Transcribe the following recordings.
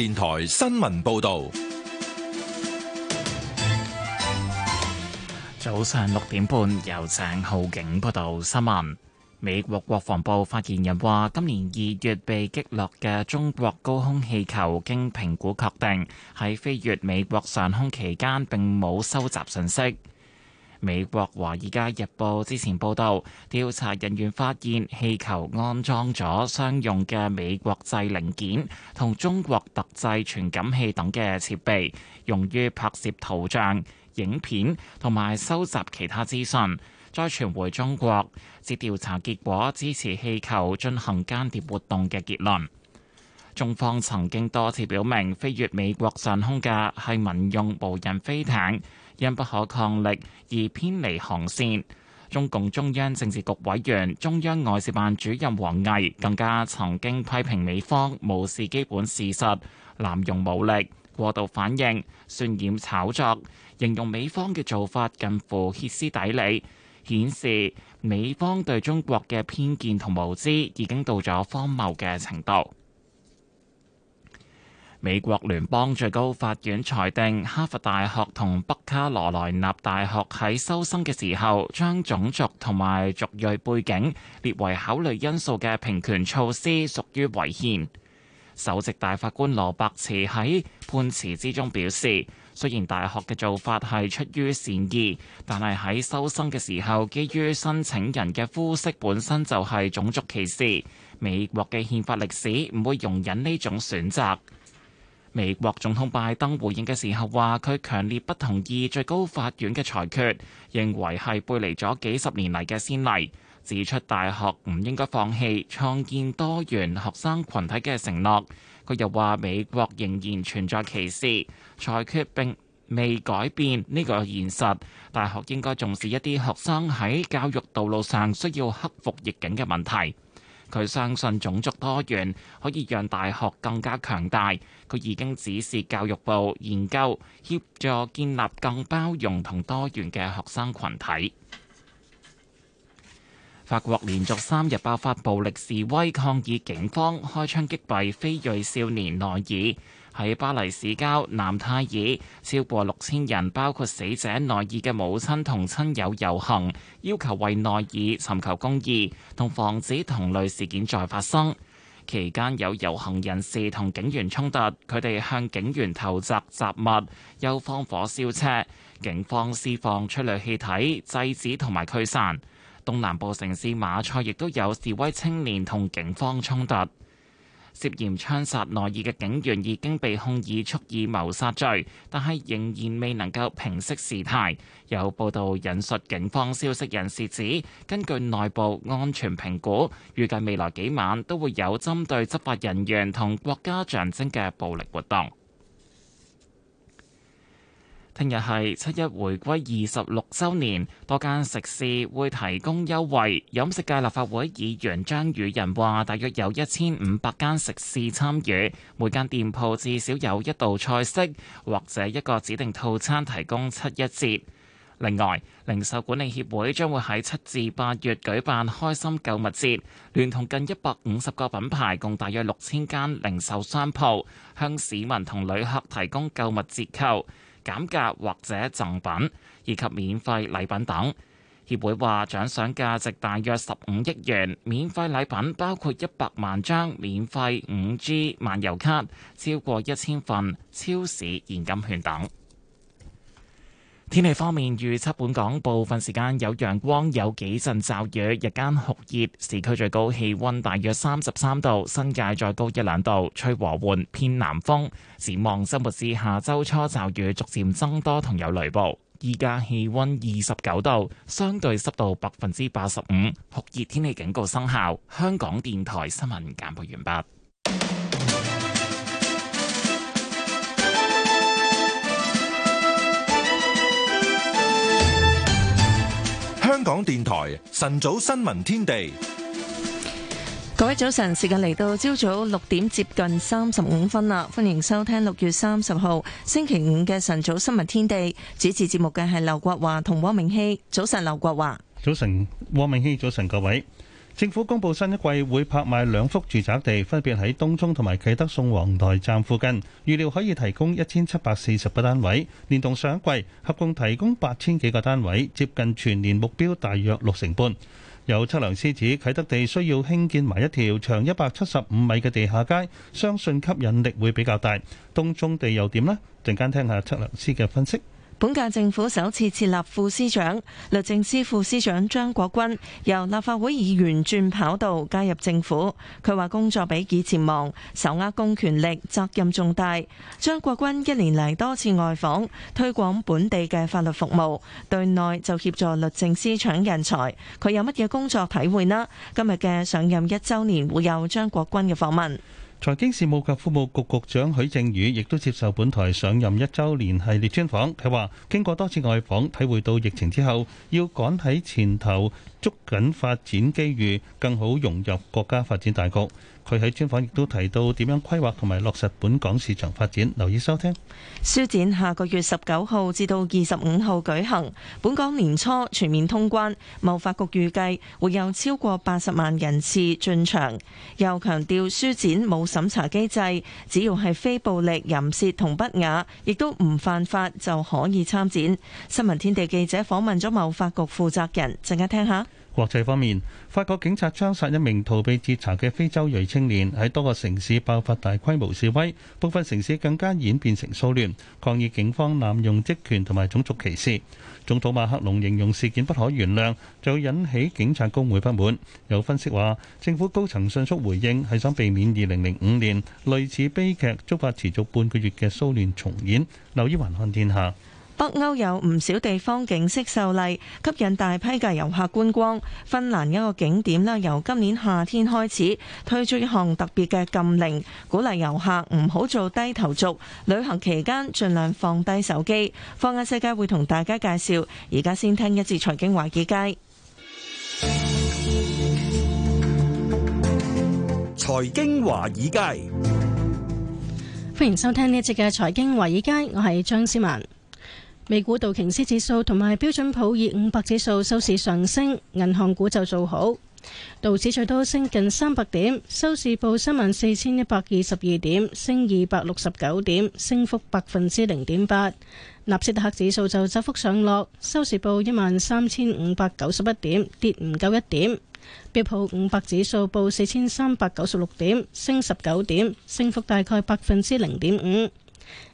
電台新聞報道，早上六點半由鄭浩景報道新聞。美國國防部發言人話，今年二月被擊落嘅中國高空氣球，經評估確定喺飛越美國上空期間，並冇收集信息。美國華爾街日報之前報道，調查人員發現氣球安裝咗商用嘅美國製零件同中國特製傳感器等嘅設備，用於拍攝圖像、影片同埋收集其他資訊，再傳回中國。此調查結果支持氣球進行間諜活動嘅結論。中方曾經多次表明，飛越美國上空嘅係民用無人飛艇，因不可抗力而偏離航線。中共中央政治局委員、中央外事辦主任王毅更加曾經批評美方無視基本事實，濫用武力、過度反應，渲染炒作，形容美方嘅做法近乎歇斯底里，顯示美方對中國嘅偏見同無知已經到咗荒謬嘅程度。美國聯邦最高法院裁定，哈佛大學同北卡羅來納大學喺收生嘅時候，將種族同埋族裔背景列為考慮因素嘅平權措施屬於違憲。首席大法官羅伯茨喺判詞之中表示，雖然大學嘅做法係出於善意，但係喺收生嘅時候，基於申請人嘅膚色本身就係種族歧視。美國嘅憲法歷史唔會容忍呢種選擇。美國總統拜登回應嘅時候話，佢強烈不同意最高法院嘅裁決，認為係背離咗幾十年嚟嘅先例，指出大學唔應該放棄創建多元學生群體嘅承諾。佢又話美國仍然存在歧視，裁決並未改變呢個現實。大學應該重視一啲學生喺教育道路上需要克服逆境嘅問題。佢相信種族多元可以讓大學更加強大。佢已經指示教育部研究協助建立更包容同多元嘅學生群體。法國連續三日爆發暴力示威，抗議警方開槍擊斃非裔少年內爾。喺巴黎市郊南泰爾，超過六千人，包括死者內爾嘅母親同親友遊行，要求為內爾尋求公義同防止同類事件再發生。期間有遊行人士同警員衝突，佢哋向警員投擲雜物、又放火燒車，警方施放催淚氣體制止同埋驅散。東南部城市馬賽亦都有示威青年同警方衝突。涉嫌槍殺內爾嘅警員已經被控以蓄意謀殺罪，但係仍然未能夠平息事態。有報道引述警方消息人士指，根據內部安全評估，預計未來幾晚都會有針對執法人員同國家象徵嘅暴力活動。聽日係七一回歸二十六週年，多間食肆會提供優惠。飲食界立法會議員張宇人話，大約有一千五百間食肆參與，每間店鋪至少有一道菜式或者一個指定套餐提供七一節。另外，零售管理協會將會喺七至八月舉辦開心購物節，聯同近一百五十個品牌，共大約六千間零售商鋪，向市民同旅客提供購物折扣。減價或者贈品，以及免費禮品等。協會話，獎賞價值大約十五億元，免費禮品包括一百萬張免費 5G 漫遊卡，超過一千份超市現金券等。天氣方面，預測本港部,部分時間有陽光，有幾陣驟雨，日間酷熱，市區最高氣温大約三十三度，新界再高一兩度，吹和緩偏南風。展望周末至下周初，驟雨逐漸增多，同有雷暴。依家氣温二十九度，相對濕度百分之八十五，酷熱天氣警告生效。香港電台新聞簡報完畢。香港電台晨早新聞天地，各位早晨，時間嚟到朝早六點接近三十五分啦，歡迎收聽六月三十號星期五嘅晨早新聞天地，主持節目嘅係劉國華同汪明熙，早晨劉國華，早晨汪明熙，早晨各位。政府公布新一季會拍賣兩幅住宅地，分別喺東涌同埋啟德宋皇台站附近，預料可以提供一千七百四十個單位，連同上一季合共提供八千幾個單位，接近全年目標大約六成半。有測量師指啟德地需要興建埋一條長一百七十五米嘅地下街，相信吸引力會比較大。東涌地又點呢？陣間聽下測量師嘅分析。本屆政府首次設立副司長，律政司副司長張國鈞由立法會議員轉跑道加入政府。佢話工作比以前忙，手握公權力，責任重大。張國鈞一年嚟，多次外訪，推廣本地嘅法律服務，對內就協助律政司搶人才。佢有乜嘢工作體會呢？今日嘅上任一周年會有張國鈞嘅訪問。財經事務及庫務局局長許正宇亦都接受本台上任一周年系列專訪，佢話，經過多次外訪，體會到疫情之後，要趕喺前頭，捉緊發展機遇，更好融入國家發展大局。佢喺專訪亦都提到點樣規劃同埋落實本港市場發展，留意收聽。書展下個月十九號至到二十五號舉行，本港年初全面通關，貿發局預計會有超過八十萬人次進場。又強調書展冇審查機制，只要係非暴力、淫褻同不雅，亦都唔犯法就可以參展。新聞天地記者訪問咗貿發局負責人，陣間聽下。國際方面，法國警察槍殺一名逃避截查嘅非洲裔青年喺多個城市爆發大規模示威，部分城市更加演變成騷亂，抗議警方濫用職權同埋種族歧視。總統馬克龍形容事件不可原諒，就引起警察公會不滿。有分析話，政府高層迅速回應係想避免2005年類似悲劇，觸發持續半個月嘅騷亂重演，留意橫看天下。北歐有唔少地方景色秀麗，吸引大批嘅遊客觀光。芬蘭一個景點咧，由今年夏天開始推出一項特別嘅禁令，鼓勵遊客唔好做低頭族，旅行期間盡量放低手機。放眼世界，會同大家介紹。而家先聽一節財經華爾街。財經華爾街，街歡迎收聽呢一節嘅財經華爾街，我係張思文。美股道瓊斯指數同埋標準普爾五百指數收市上升，銀行股就做好。道指最多升近三百點，收市報三萬四千一百二十二點，升二百六十九點，升幅百分之零點八。納斯達克指數就窄幅上落，收市報一萬三千五百九十一點，跌唔夠一點。標普五百指數報四千三百九十六點，升十九點，升幅大概百分之零點五。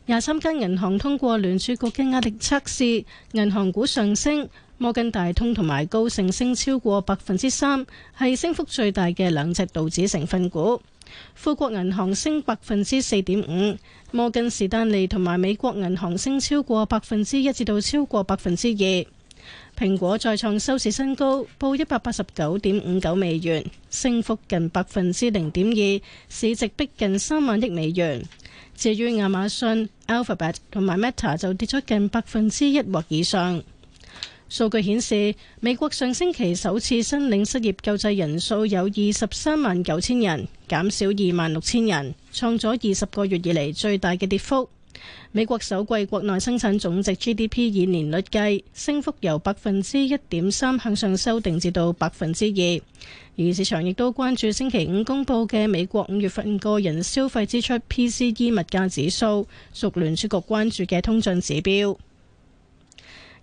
廿三間銀行通過聯儲局嘅壓力測試，銀行股上升。摩根大通同埋高盛升超過百分之三，係升幅最大嘅兩隻道指成分股。富國銀行升百分之四點五，摩根士丹利同埋美國銀行升超過百分之一至到超過百分之二。蘋果再創收市新高，報一百八十九點五九美元，升幅近百分之零點二，市值逼近三萬億美元。至於亞馬遜、Alphabet 同埋 Meta 就跌咗近百分之一或以上。數據顯示，美國上星期首次申領失業救濟人數有二十三萬九千人，減少二萬六千人，創咗二十個月以嚟最大嘅跌幅。美國首季國內生產總值 GDP 以年率計，升幅由百分之一點三向上修訂至到百分之二，而市場亦都關注星期五公布嘅美國五月份個人消費支出 PCE 物價指數，屬聯儲局關注嘅通脹指標。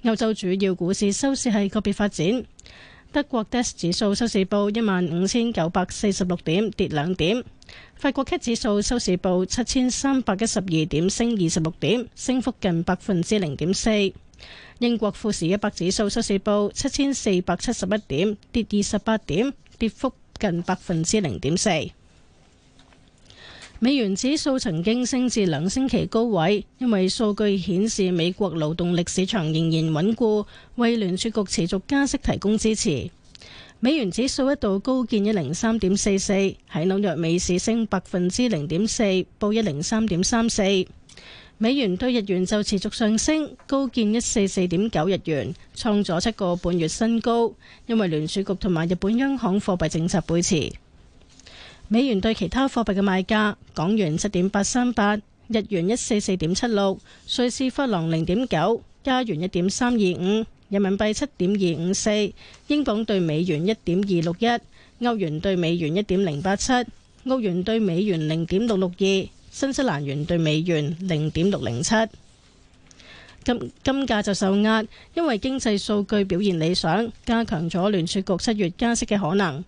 歐洲主要股市收市係個別發展。德國 DAX 指數收市報一萬五千九百四十六點，跌兩點。法國 CAC 指數收市報七千三百一十二點，升二十六點，升幅近百分之零點四。英國富時一百指數收市報七千四百七十一點，跌二十八點，跌幅近百分之零點四。美元指數曾經升至兩星期高位，因為數據顯示美國勞動力市場仍然穩固，為聯儲局持續加息提供支持。美元指數一度高見一零三點四四，喺紐約美市升百分之零點四，報一零三點三四。美元對日元就持續上升，高見一四四點九日元，創咗七個半月新高，因為聯儲局同埋日本央行貨幣政策背馳。美元對其他貨幣嘅賣價：港元七點八三八，日元一四四點七六，瑞士法郎零點九，加元一點三二五，人民幣七點二五四，英鎊對美元一點二六一，歐元對美元一點零八七，澳元對美元零點六六二，新西蘭元對美元零點六零七。金金價就受壓，因為經濟數據表現理想，加強咗聯儲局七月加息嘅可能。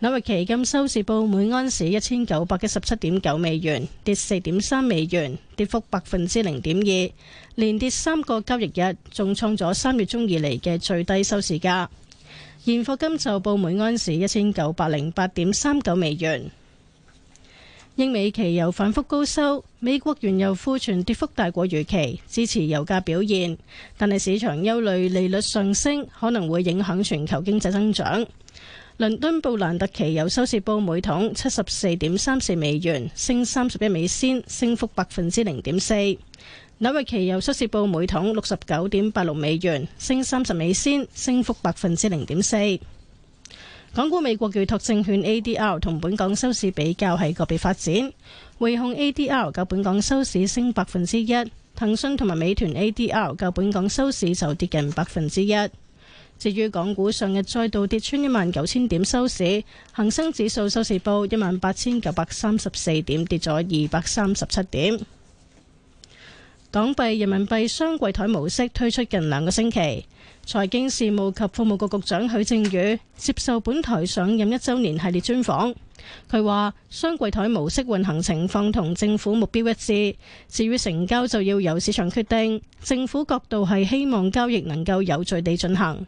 紐約期金收市報每安士一千九百一十七點九美元，跌四點三美元，跌幅百分之零點二，連跌三個交易日，仲創咗三月中以嚟嘅最低收市價。現貨金就報每安士一千九百零八點三九美元。英美期油反覆高收，美國原油庫存跌幅大過預期，支持油價表現，但係市場憂慮利率上升可能會影響全球經濟增長。倫敦布蘭特期油收市報每桶七十四點三四美元，升三十一美仙，升幅百分之零點四。紐約期油收市報每桶六十九點八六美元，升三十美仙，升幅百分之零點四。港股美國預託證券 ADR 同本港收市比較係個別發展，匯控 ADR 較本港收市升百分之一，騰訊同埋美團 ADR 較本港收市就跌近百分之一。至於港股，上日再度跌穿一萬九千點收市，恒生指數收市報一萬八千九百三十四點，跌咗二百三十七點。港幣、人民幣雙櫃台模式推出近兩個星期，財經事務及服務局局長許正宇接受本台上任一週年系列專訪，佢話雙櫃台模式運行情況同政府目標一致，至於成交就要由市場決定，政府角度係希望交易能夠有序地進行。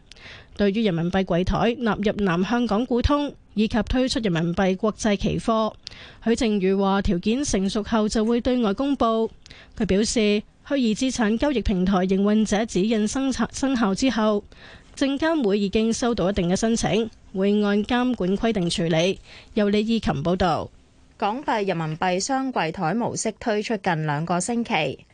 對於人民幣櫃台納入南向港股通以及推出人民幣國際期貨，許正宇話條件成熟後就會對外公佈。佢表示虛擬資產交易平台營運者指引生效生效之後，證監會已經收到一定嘅申請，會按監管規定處理。由李義琴報導，港幣人民幣雙櫃台模式推出近兩個星期。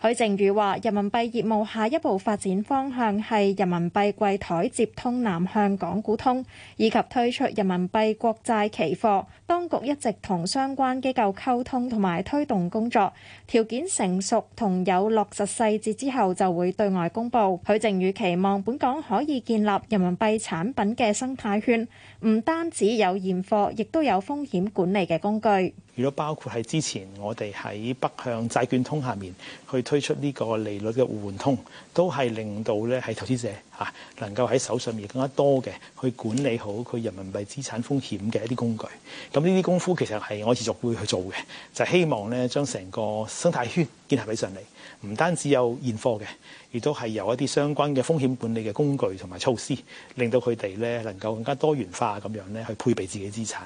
許正宇話，人民幣業務下一步發展方向係人民幣櫃台接通南向港股通，以及推出人民幣國債期貨。當局一直同相關機構溝通同埋推動工作，條件成熟同有落實細節之後就會對外公佈。許正宇期望本港可以建立人民幣產品嘅生態圈，唔單止有現貨，亦都有風險管理嘅工具。如果包括係之前我哋喺北向債券通下面去推出呢個利率嘅互換通，都係令到咧，係投資者嚇能夠喺手上面更加多嘅去管理好佢人民幣資產風險嘅一啲工具。咁呢啲功夫其實，係我持續會去做嘅，就係希望咧，將成個生態圈結合起上嚟，唔單止有現貨嘅，亦都係有一啲相關嘅風險管理嘅工具同埋措施，令到佢哋咧能夠更加多元化咁樣咧去配備自己資產。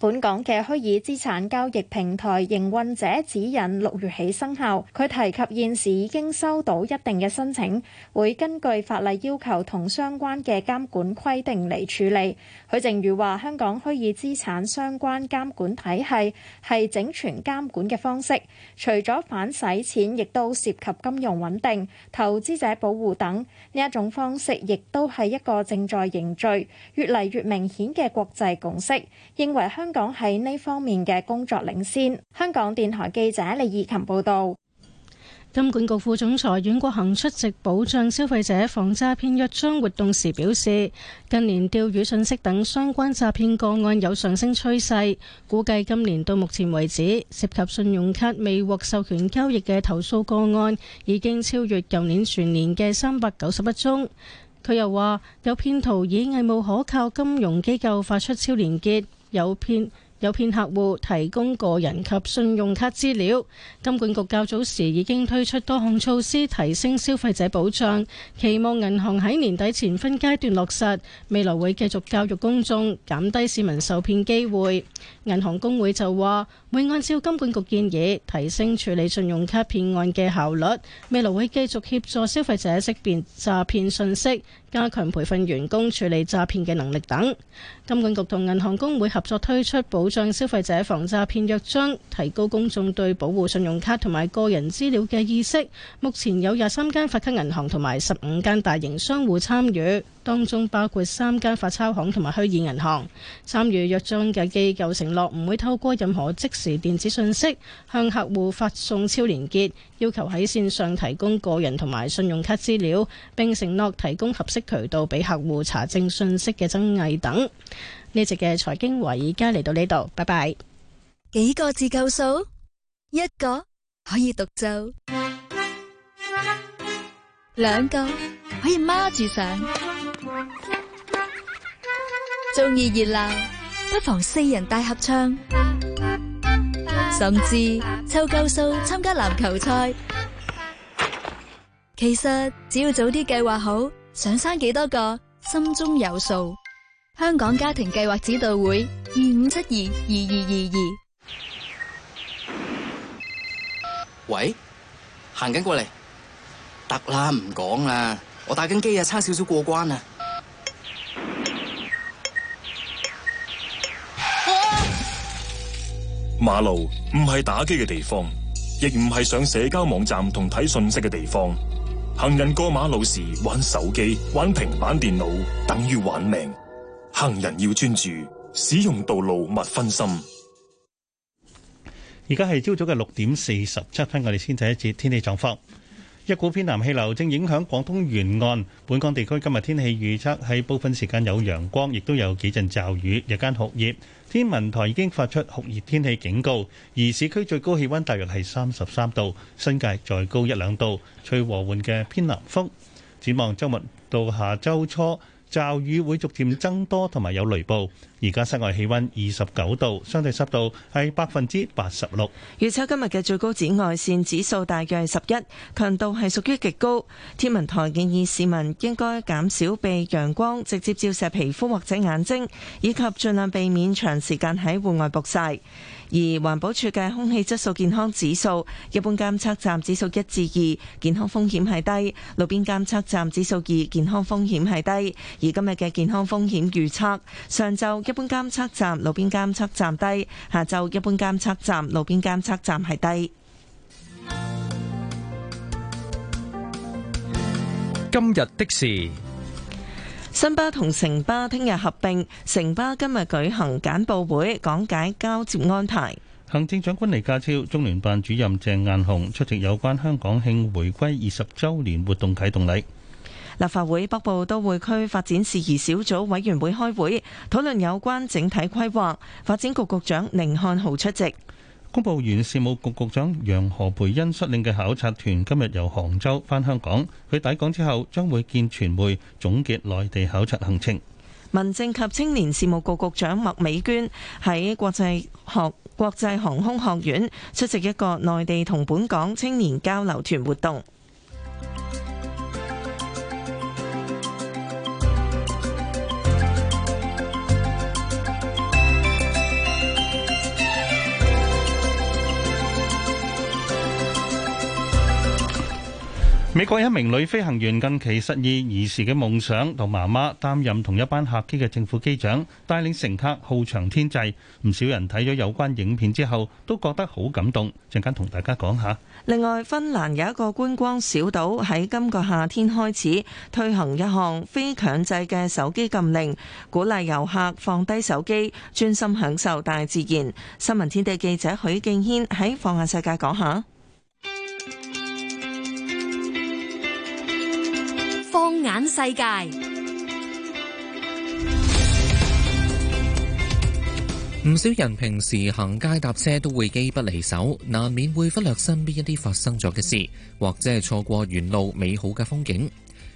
本港嘅虛擬資產交易平台營運者指引六月起生效，佢提及現時已經收到一定嘅申請，會根據法例要求同相關嘅監管規定嚟處理。許正宇話：香港虛擬資產相關監管體系係整全監管嘅方式，除咗反洗錢，亦都涉及金融穩定、投資者保護等。呢一種方式，亦都係一個正在凝聚、越嚟越明顯嘅國際共識，認為香香港喺呢方面嘅工作領先。香港電台記者李義琴報道，金管局副總裁阮國恒出席保障消費者防詐騙約章活動時表示，近年釣魚信息等相關詐騙個案有上升趨勢。估計今年到目前為止，涉及信用卡未獲授權交易嘅投訴個案已經超越舊年全年嘅三百九十一宗。佢又話，有騙徒以偽冒可靠金融機構發出超連結。有騙有騙客戶提供個人及信用卡資料，金管局較早時已經推出多項措施提升消費者保障，期望銀行喺年底前分階段落實。未來會繼續教育公眾，減低市民受騙機會。銀行公會就話，會按照金管局建議提升處理信用卡騙案嘅效率，未來會繼續協助消費者識別詐騙信息，加強培訓員工處理詐騙嘅能力等。金管局同銀行公會合作推出保障消費者防詐騙約章，提高公眾對保護信用卡同埋個人資料嘅意識。目前有廿三間發卡銀行同埋十五間大型商戶參與。當中包括三間發鈔行同埋虛擬銀行。參與約章嘅機構承諾唔會透過任何即時電子信息向客戶發送超連結，要求喺線上提供個人同埋信用卡資料，並承諾提供合適渠道俾客戶查證信息嘅真偽等。呢一節嘅財經維而家嚟到呢度，拜拜。幾個字夠數，一個可以獨奏，兩個可以孖住上。中意熱鬧，不妨四人大合唱，甚至湊夠數參加籃球賽。其實只要早啲計劃好，想生幾多個心中有數。香港家庭計劃指導會二五七二二二二二。喂，行緊過嚟，得啦，唔講啦，我帶緊機啊，差少少過關啊。馬路唔係打機嘅地方，亦唔係上社交網站同睇訊息嘅地方。行人過馬路時玩手機、玩平板電腦，等於玩命。行人要專注，使用道路勿分心。而家係朝早嘅六點四十七分，我哋先睇一節天氣狀況。一股偏南氣流正影響廣東沿岸本港地區，今日天，天氣預測喺部分時間有陽光，亦都有幾陣驟雨，日間酷熱。天文台已經發出酷熱天氣警告，而市區最高氣温大約係三十三度，新界再高一兩度。吹和緩嘅偏南風，展望週末到下周初，驟雨會逐漸增多，同埋有雷暴。而家室外氣溫二十九度，相對濕度係百分之八十六。預測今日嘅最高紫外線指數大約十一，強度係屬於極高。天文台建議市民應該減少被陽光直接照射皮膚或者眼睛，以及盡量避免長時間喺戶外曝曬。而環保署嘅空氣質素健康指數，一般監測站指數一至二，健康風險係低；路邊監測站指數二，健康風險係低。而今日嘅健康風險預測上晝一。一般監測站、路邊監測站低，下晝一般監測站、路邊監測站係低。今日的事，新巴同城巴聽日合併，城巴今日舉行簡報會講解交接安排。行政長官李家超、中聯辦主任鄭雁雄出席有關香港慶回歸二十周年活動啟動禮。立法會北部都會區發展事宜小組委員會開會，討論有關整體規劃。發展局局長寧漢豪出席。公務員事務局局長楊何蓓茵率領嘅考察團今日由杭州返香港，佢抵港之後將會見傳媒，總結內地考察行程。民政及青年事務局局長麥美娟喺國際學國際航空學院出席一個內地同本港青年交流團活動。美國一名女飛行員近期實現兒時嘅夢想，同媽媽擔任同一班客機嘅政府機長，帶領乘客翱翔天際。唔少人睇咗有關影片之後，都覺得好感動。陣間同大家講下。另外，芬蘭有一個觀光小島喺今個夏天開始推行一項非強制嘅手機禁令，鼓勵遊客放低手機，專心享受大自然。新聞天地記者許敬軒喺放眼世界講下。放眼世界，唔少人平時行街搭車都會機不離手，難免會忽略身邊一啲發生咗嘅事，或者係錯過沿路美好嘅風景。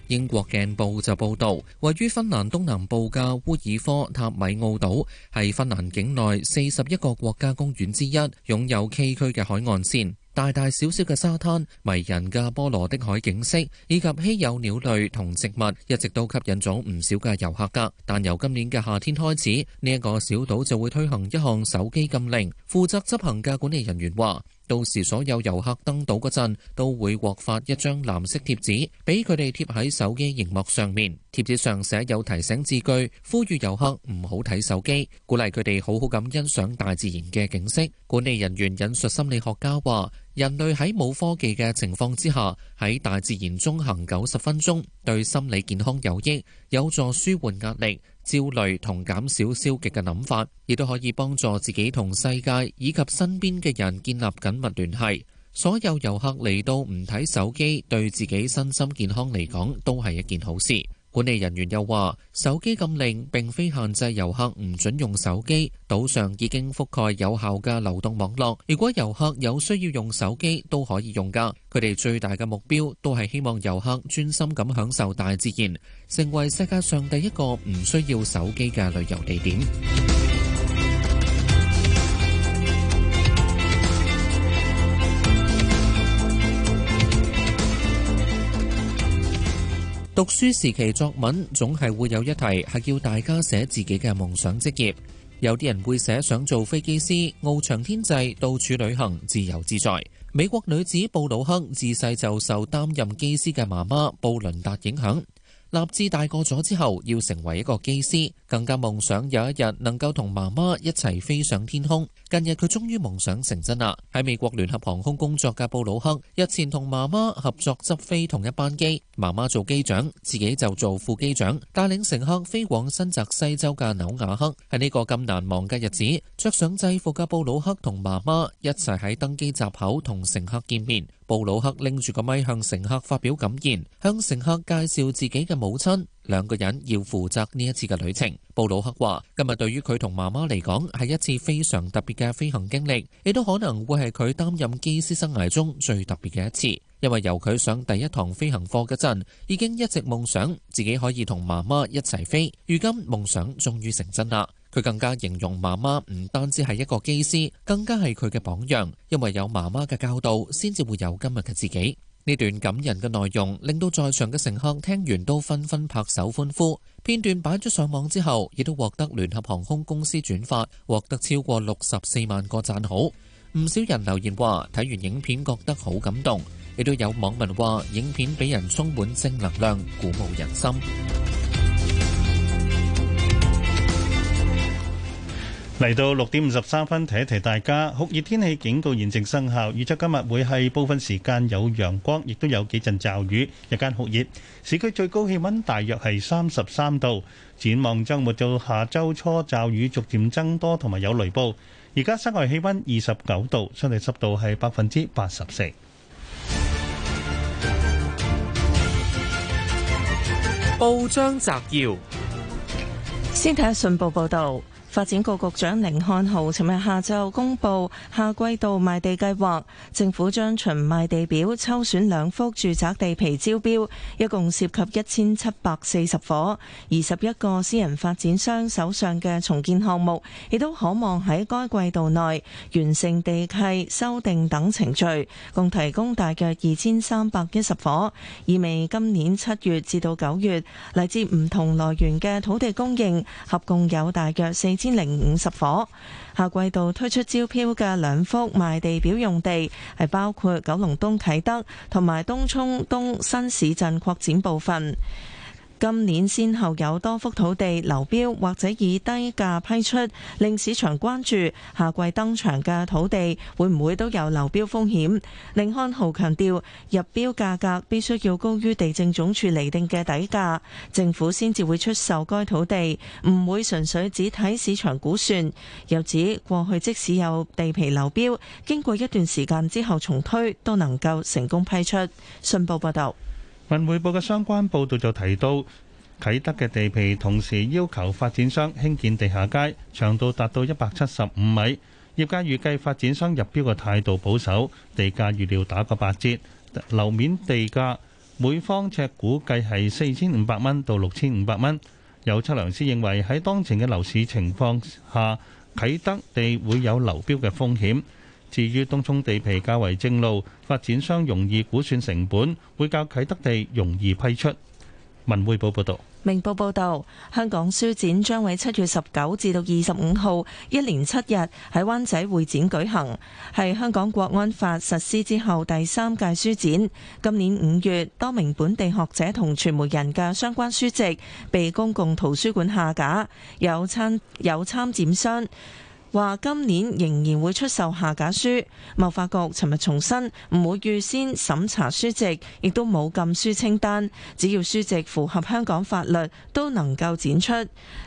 英國鏡報就報道，位於芬蘭東南部嘅烏爾科塔米奧島係芬蘭境內四十一個國家公園之一，擁有崎嶇嘅海岸線。大大小小嘅沙灘、迷人嘅波羅的海景色以及稀有鳥類同植物，一直都吸引咗唔少嘅遊客噶。但由今年嘅夏天開始，呢一個小島就會推行一項手機禁令。負責執行嘅管理人員話：到時所有遊客登島嗰陣，都會獲發一張藍色貼紙，俾佢哋貼喺手機熒幕上面。貼紙上寫有提醒字句，呼籲遊客唔好睇手機，鼓勵佢哋好好咁欣賞大自然嘅景色。管理人員引述心理學家話。人類喺冇科技嘅情況之下，喺大自然中行九十分鐘，對心理健康有益，有助舒緩壓力、焦慮同減少消極嘅諗法，亦都可以幫助自己同世界以及身邊嘅人建立緊密聯繫。所有遊客嚟到唔睇手機，對自己身心健康嚟講，都係一件好事。管理人員又話：手機禁令並非限制遊客唔准用手機，島上已經覆蓋有效嘅流動網絡。如果遊客有需要用手機，都可以用㗎。佢哋最大嘅目標都係希望遊客專心咁享受大自然，成為世界上第一個唔需要手機嘅旅遊地點。讀書時期，作文總係會有一題係叫大家寫自己嘅夢想職業。有啲人會寫想做飛機師，翱翔天際，到處旅行，自由自在。美國女子布魯克自細就受擔任機師嘅媽媽布倫達影響。立志大個咗之後，要成為一個機師，更加夢想有一日能夠同媽媽一齊飛上天空。近日佢終於夢想成真啦！喺美國聯合航空工作嘅布魯克，日前同媽媽合作執飛同一班機，媽媽做機長，自己就做副機長，帶領乘客飛往新澤西州嘅紐瓦克。喺呢個咁難忘嘅日子，着上制服嘅布魯克同媽媽一齊喺登機閘口同乘客見面。布魯克拎住個咪向乘客發表感言，向乘客介紹自己嘅母親。兩個人要負責呢一次嘅旅程。布魯克話，今日對於佢同媽媽嚟講，係一次非常特別嘅飛行經歷，亦都可能會係佢擔任機師生涯中最特別嘅一次，因為由佢上第一堂飛行課嗰陣，已經一直夢想自己可以同媽媽一齊飛，如今夢想終於成真啦。佢更加形容媽媽唔單止係一個機師，更加係佢嘅榜樣，因為有媽媽嘅教導，先至會有今日嘅自己。呢段感人嘅內容令到在場嘅乘客聽完都紛紛拍手歡呼。片段擺咗上網之後，亦都獲得聯合航空公司轉發，獲得超過六十四萬個讚好。唔少人留言話睇完影片覺得好感動，亦都有網民話影片俾人充滿正能量，鼓舞人心。嚟到六點五十三分，提一提大家，酷熱天氣警告現正生效，預測今日會係部分時間有陽光，亦都有幾陣驟雨，日間酷熱，市區最高氣温大約係三十三度。展望周末到下周初，驟雨逐漸增多，同埋有雷暴。而家室外氣温二十九度，相對濕度係百分之八十四。報章摘要，先睇下信報報道。發展局局長凌漢豪，尋日下晝公布下季度賣地計劃，政府將循賣地表抽選兩幅住宅地皮招標，一共涉及一千七百四十伙。二十一個私人發展商手上嘅重建項目，亦都可望喺該季度內完成地契修訂等程序，共提供大約二千三百一十伙。意味今年七月至到九月嚟自唔同來源嘅土地供應，合共有大約四。千零五十伙，下季度推出招標嘅兩幅賣地表用地，係包括九龍東啟德同埋東涌東新市鎮擴展部分。今年先後有多幅土地流標或者以低價批出，令市場關注下季登場嘅土地會唔會都有流標風險，林漢豪強調入標價格必須要高於地政總署釐定嘅底價，政府先至會出售該土地，唔會純粹只睇市場估算。又指過去即使有地皮流標經過一段時間之後重推，都能夠成功批出。信報報道。文匯報嘅相關報導就提到，啟德嘅地皮同時要求發展商興建地下街，長度達到一百七十五米。業界預計發展商入標嘅態度保守，地價預料打個八折，樓面地價每方尺估計係四千五百蚊到六千五百蚊。有測量師認為，喺當前嘅樓市情況下，啟德地會有流標嘅風險。至於東涌地皮較為正路，發展商容易估算成本，會較啟德地容易批出。文匯報報道。明報報道，香港書展將喺七月十九至到二十五號一連七日喺灣仔會展舉行，係香港國安法實施之後第三屆書展。今年五月，多名本地學者同傳媒人嘅相關書籍被公共圖書館下架，有參有參展商話今年仍然會出售下架書，貿發局尋日重申唔會預先審查書籍，亦都冇禁書清單，只要書籍符合香港法律都能夠展出。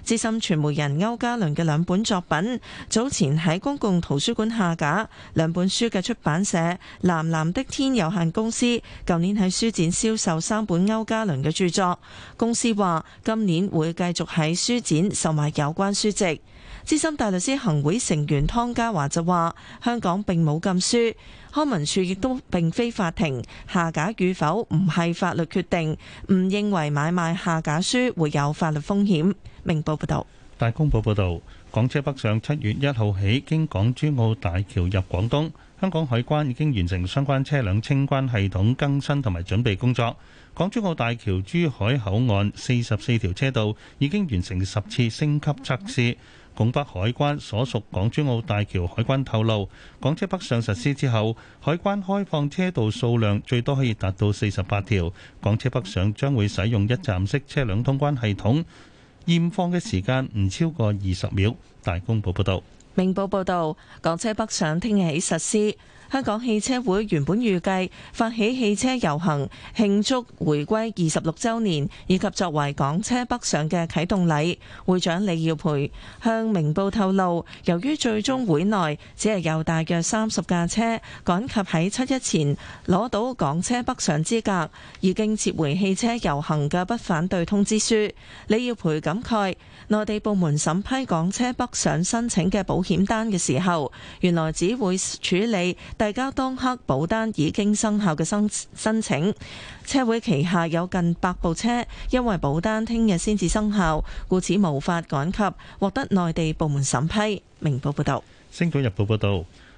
資深傳媒人歐嘉倫嘅兩本作品早前喺公共圖書館下架，兩本書嘅出版社藍藍的天有限公司舊年喺書展銷售三本歐嘉倫嘅著作，公司話今年會繼續喺書展售賣有關書籍。資深大律師行會成員湯家驊就話：香港並冇禁書，康文署亦都並非法庭。下架與否，唔係法律決定。唔認為買賣下架書會有法律風險。明報報道，大公報報道，港車北上七月一號起經港珠澳大橋入廣東，香港海關已經完成相關車輛清關系統更新同埋準備工作。港珠澳大橋珠海口岸四十四條車道已經完成十次升級測試。拱北海關所屬港珠澳大橋海關透露，港車北上實施之後，海關開放車道數量最多可以達到四十八條。港車北上將會使用一站式車輛通關系統，驗放嘅時間唔超過二十秒。大公報報道。明報報道，港車北上聽日起實施。香港汽車會原本預計發起汽車遊行，慶祝回歸二十六週年，以及作為港車北上嘅啟動禮。會長李耀培向明報透露，由於最終會內只係有大約三十架車趕及喺七一前攞到港車北上資格，已經撤回汽車遊行嘅不反對通知書。李耀培感慨。內地部門審批港車北上申請嘅保險單嘅時候，原來只會處理大家當刻保單已經生效嘅申申請。車會旗下有近百部車，因為保單聽日先至生效，故此無法趕及獲得內地部門審批。明報報道，《星島日報》報道。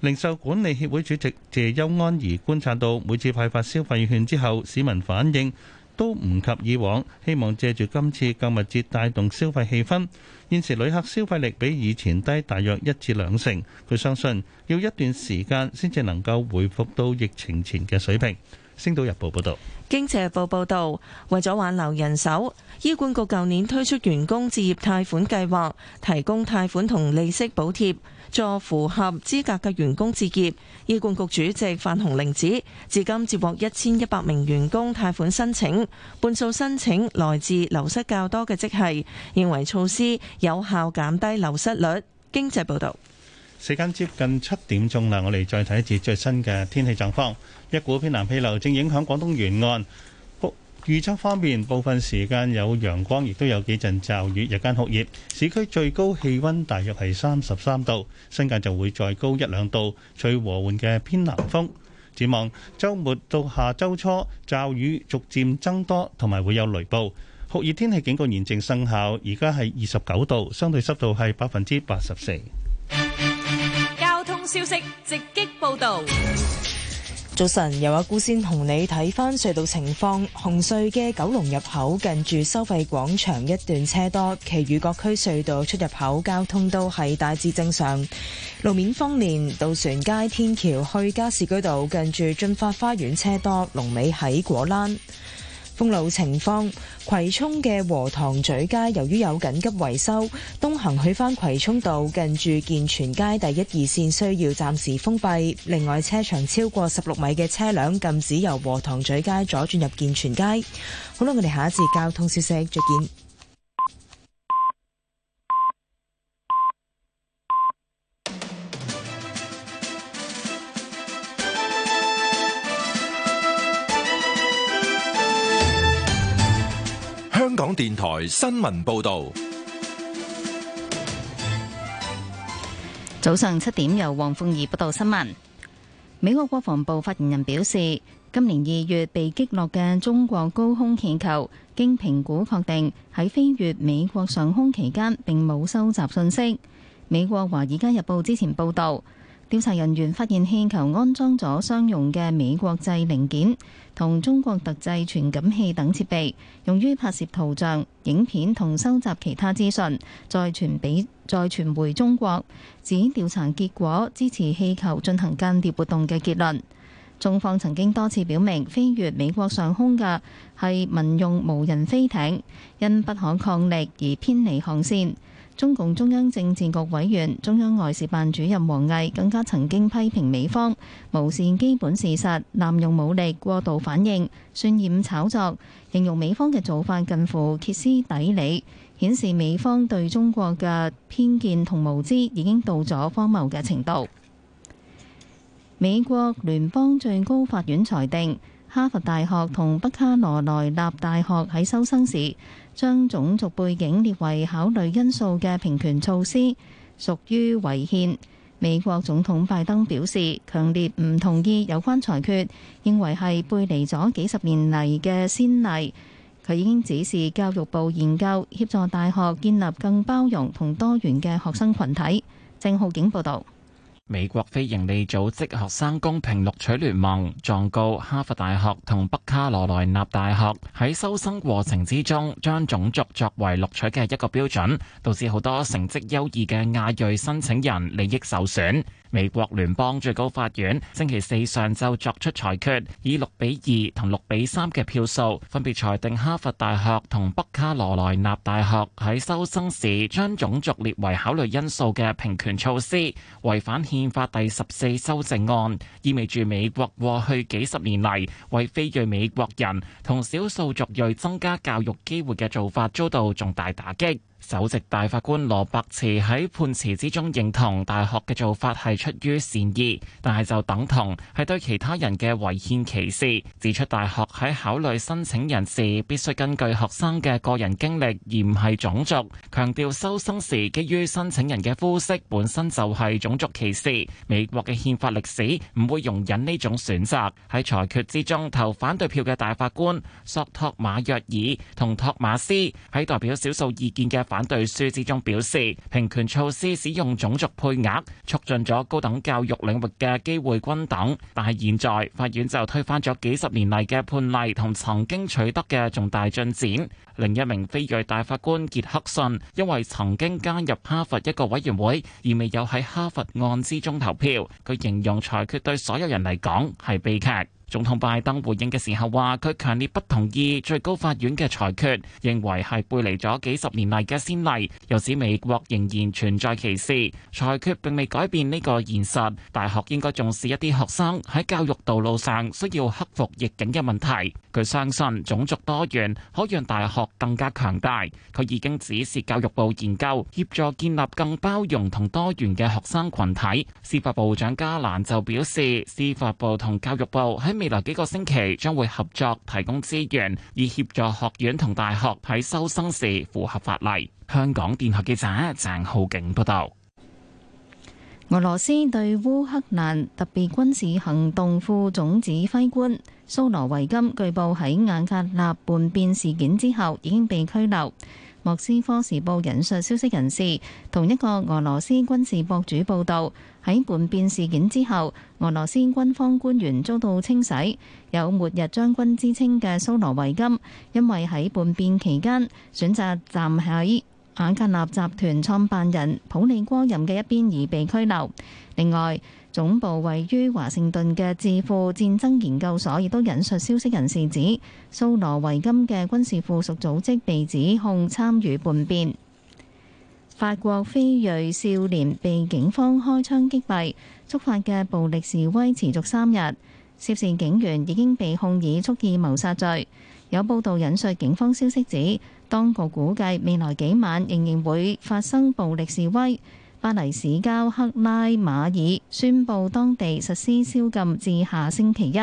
零售管理協會主席謝邱安儀觀察到，每次派發消費券之後，市民反應都唔及以往。希望借住今次購物節帶動消費氣氛。現時旅客消費力比以前低大約一至兩成。佢相信要一段時間先至能夠回復到疫情前嘅水平。星島日報報道，經濟日報報道，為咗挽留人手，醫管局舊年推出員工置業貸款計劃，提供貸款同利息補貼。助符合資格嘅員工置業，醫管局主席范鴻齡指，至今接獲一千一百名員工貸款申請，半數申請來自流失較多嘅職系，認為措施有效減低流失率。經濟報道。時間接近七點鐘啦，我哋再睇一次最新嘅天氣狀況，一股偏南氣流正影響廣東沿岸。預測方面，部分時間有陽光，亦都有幾陣驟雨。日間酷熱，市區最高氣溫大約係三十三度，新界就會再高一兩度。吹和緩嘅偏南風。展望周末到下周初，驟雨逐漸增多，同埋會有雷暴。酷熱天氣警告現正生效，而家係二十九度，相對濕度係百分之八十四。交通消息直擊報道。早晨，有阿姑先同你睇返隧道情況。紅隧嘅九龍入口近住收費廣場一段車多，其餘各區隧道出入口交通都係大致正常。路面方面，渡船街天橋去加士居道近住駿發花園車多，龍尾喺果欄。封路情況，葵涌嘅禾塘咀街由於有緊急維修，東行去返葵涌道近住健全街第一二線需要暫時封閉。另外，車長超過十六米嘅車輛禁止由禾塘咀街左轉入健全街。好啦，我哋下一次交通消息再見。香港電台新聞報道，早上七點由黃鳳儀報道新聞。美國國防部發言人表示，今年二月被擊落嘅中國高空氣球，經評估確定喺飛越美國上空期間，並冇收集信息。美國華爾街日報之前報道。調查人員發現氣球安裝咗商用嘅美國製零件同中國特製傳感器等設備，用於拍攝圖像、影片同收集其他資訊，再傳俾再傳回中國，指調查結果支持氣球進行間諜活動嘅結論。中方曾經多次表明，飛越美國上空嘅係民用無人飛艇，因不可抗力而偏離航線。中共中央政治局委員、中央外事辦主任王毅更加曾經批評美方無視基本事實濫用武力，過度反應，渲染炒作，形容美方嘅做法近乎歇斯底里，顯示美方對中國嘅偏見同無知已經到咗荒謬嘅程度。美國聯邦最高法院裁定，哈佛大學同北卡羅來納大學喺收生時。將種族背景列為考慮因素嘅平權措施屬於違憲。美國總統拜登表示，強烈唔同意有關裁決，認為係背離咗幾十年嚟嘅先例。佢已經指示教育部研究協助大學建立更包容同多元嘅學生群體。正浩景報道。美國非營利組織學生公平錄取聯盟狀告哈佛大學同北卡羅來納大學喺收生過程之中，將種族作為錄取嘅一個標準，導致好多成績優異嘅亞裔申請人利益受損。美國聯邦最高法院星期四上晝作出裁決，以六比二同六比三嘅票數，分別裁定哈佛大學同北卡羅來納大學喺收生時將種族列為考慮因素嘅平權措施違反憲法第十四修正案，意味住美國過去幾十年嚟為非裔美國人同少數族裔增加教育機會嘅做法遭到重大打擊。首席大法官羅伯茨喺判詞之中認同大學嘅做法係出於善意，但係就等同係對其他人嘅違憲歧視。指出大學喺考慮申請人時必須根據學生嘅個人經歷，而唔係種族。強調收生時基於申請人嘅膚色本身就係種族歧視。美國嘅憲法歷史唔會容忍呢種選擇。喺裁決之中投反對票嘅大法官索托馬約爾同托馬斯喺代表少數意見嘅反對書之中表示，平權措施使用種族配額，促進咗高等教育領域嘅機會均等。但係現在，法院就推翻咗幾十年嚟嘅判例同曾經取得嘅重大進展。另一名非裔大法官傑克遜，因為曾經加入哈佛一個委員會而未有喺哈佛案之中投票，佢形容裁決對所有人嚟講係悲劇。總統拜登回應嘅時候話，佢強烈不同意最高法院嘅裁決，認為係背離咗幾十年嚟嘅先例，由此，美國仍然存在歧視。裁決並未改變呢個現實，大學應該重視一啲學生喺教育道路上需要克服逆境嘅問題。佢相信種族多元可讓大學更加強大。佢已經指示教育部研究協助建立更包容同多元嘅學生群體。司法部長加蘭就表示，司法部同教育部喺未來幾個星期將會合作提供資源，以協助學院同大學喺收生時符合法例。香港電台記者鄭浩景報道。俄羅斯對烏克蘭特別軍事行動副總指揮官蘇羅維金，據報喺眼格納叛變事件之後已經被拘留。莫斯科時報引述消息人士，同一個俄羅斯軍事博主報道。喺叛變事件之後，俄羅斯軍方官員遭到清洗，有末日將軍之稱嘅蘇羅維金，因為喺叛變期間選擇站喺瓦格納集團創辦人普利戈任嘅一邊而被拘留。另外，總部位於華盛頓嘅智庫戰爭研究所亦都引述消息人士指，蘇羅維金嘅軍事附屬組織被指控參與叛變。法國非裔少年被警方開槍擊斃，觸發嘅暴力示威持續三日。涉事警員已經被控以蓄意謀殺罪。有報道引述警方消息指，當局估計未來幾晚仍然會發生暴力示威。巴黎市郊克拉馬爾宣布當地實施宵禁至下星期一。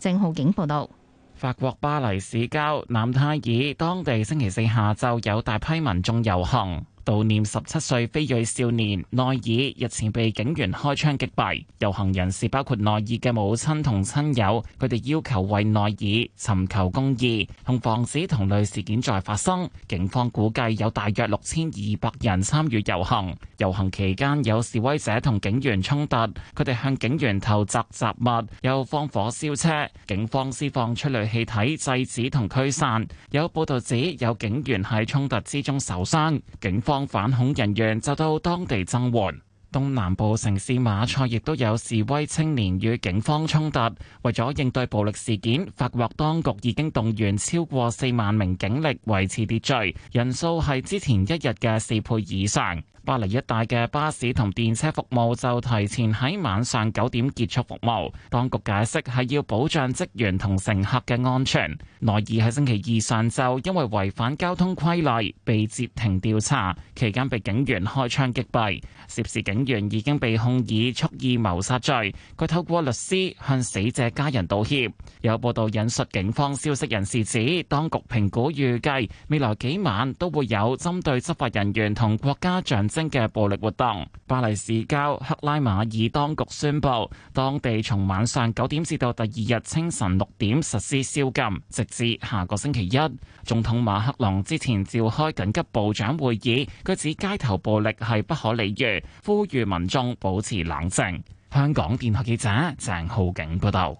鄭浩景報道：法國巴黎市郊南泰爾，當地星期四下晝有大批民眾遊行。悼念十七歲非裔少年內爾日前被警員開槍擊斃，遊行人士包括內爾嘅母親同親友，佢哋要求為內爾尋求公義，同防止同類事件再發生。警方估計有大約六千二百人參與遊行，遊行期間有示威者同警員衝突，佢哋向警員投擲雜物，又放火燒車，警方施放催淚氣體制止同驅散。有報道指有警員喺衝突之中受傷，警方。反恐人員就到當地增援。東南部城市馬賽亦都有示威青年與警方衝突。為咗應對暴力事件，法國當局已經動員超過四萬名警力維持秩序，人數係之前一日嘅四倍以上。巴黎一帶嘅巴士同電車服務就提前喺晚上九點結束服務。當局解釋係要保障職員同乘客嘅安全。內爾喺星期二上晝因為違反交通規例被截停調查，期間被警員開槍擊斃。涉事警員已經被控以蓄意謀殺罪。佢透過律師向死者家人道歉。有報道引述警方消息人士指，當局評估，預計未來幾晚都會有針對執法人員同國家象徵嘅暴力活動，巴黎市郊克拉馬爾當局宣布，當地從晚上九點至到第二日清晨六點實施宵禁，直至下個星期一。總統馬克龍之前召開緊急部長會議，佢指街頭暴力係不可理喻，呼籲民眾保持冷靜。香港電台記者鄭浩景報道。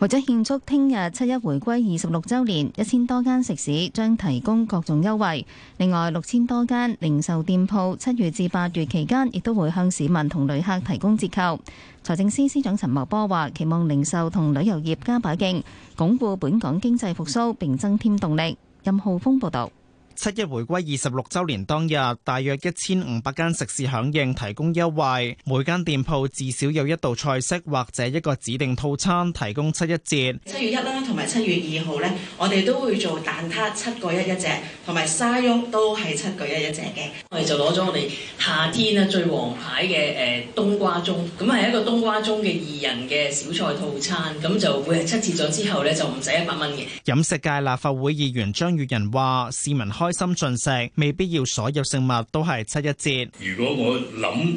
為咗慶祝聽日七一回歸二十六週年，一千多間食肆將提供各種優惠。另外，六千多間零售店鋪，七月至八月期間亦都會向市民同旅客提供折扣。財政司司長陳茂波話：期望零售同旅遊業加把勁，鞏固本港經濟復甦並增添動力。任浩峰報導。七一回歸二十六周年當日，大約一千五百間食肆響應提供優惠，每間店鋪至少有一道菜式或者一個指定套餐提供七一折。七月一啦，同埋七月二號咧，我哋都會做蛋撻七個一一隻，同埋沙翁都係七個一一隻嘅。我哋就攞咗我哋夏天啊最王牌嘅誒冬瓜盅，咁係一個冬瓜盅嘅二人嘅小菜套餐，咁就會係七折咗之後咧就唔使一百蚊嘅。飲食界立法會議員張宇人話：市民開開心進食，未必要所有食物都係七一節。如果我諗。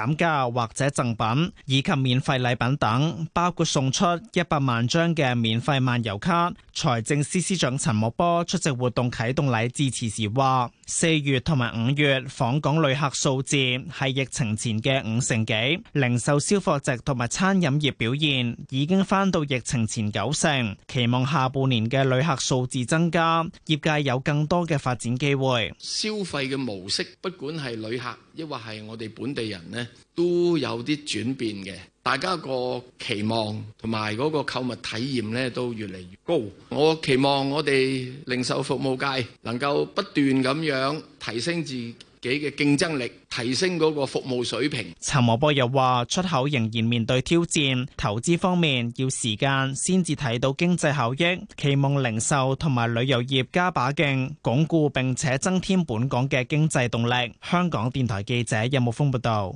減價或者贈品，以及免費禮品等，包括送出一百萬張嘅免費漫遊卡。財政司司長陳茂波出席活動啟動禮致辭時話：四月同埋五月訪港旅客數字係疫情前嘅五成幾，零售、消費值同埋餐飲業表現已經返到疫情前九成。期望下半年嘅旅客數字增加，業界有更多嘅發展機會。消費嘅模式，不管係旅客抑或係我哋本地人咧，都有啲轉變嘅。大家個期望同埋嗰個購物體驗呢都越嚟越高。我期望我哋零售服務界能夠不斷咁樣提升自己嘅競爭力，提升嗰個服務水平。陳茂波又話：出口仍然面對挑戰，投資方面要時間先至睇到經濟效益。期望零售同埋旅遊業加把勁，鞏固並且增添本港嘅經濟動力。香港電台記者任木峯報道。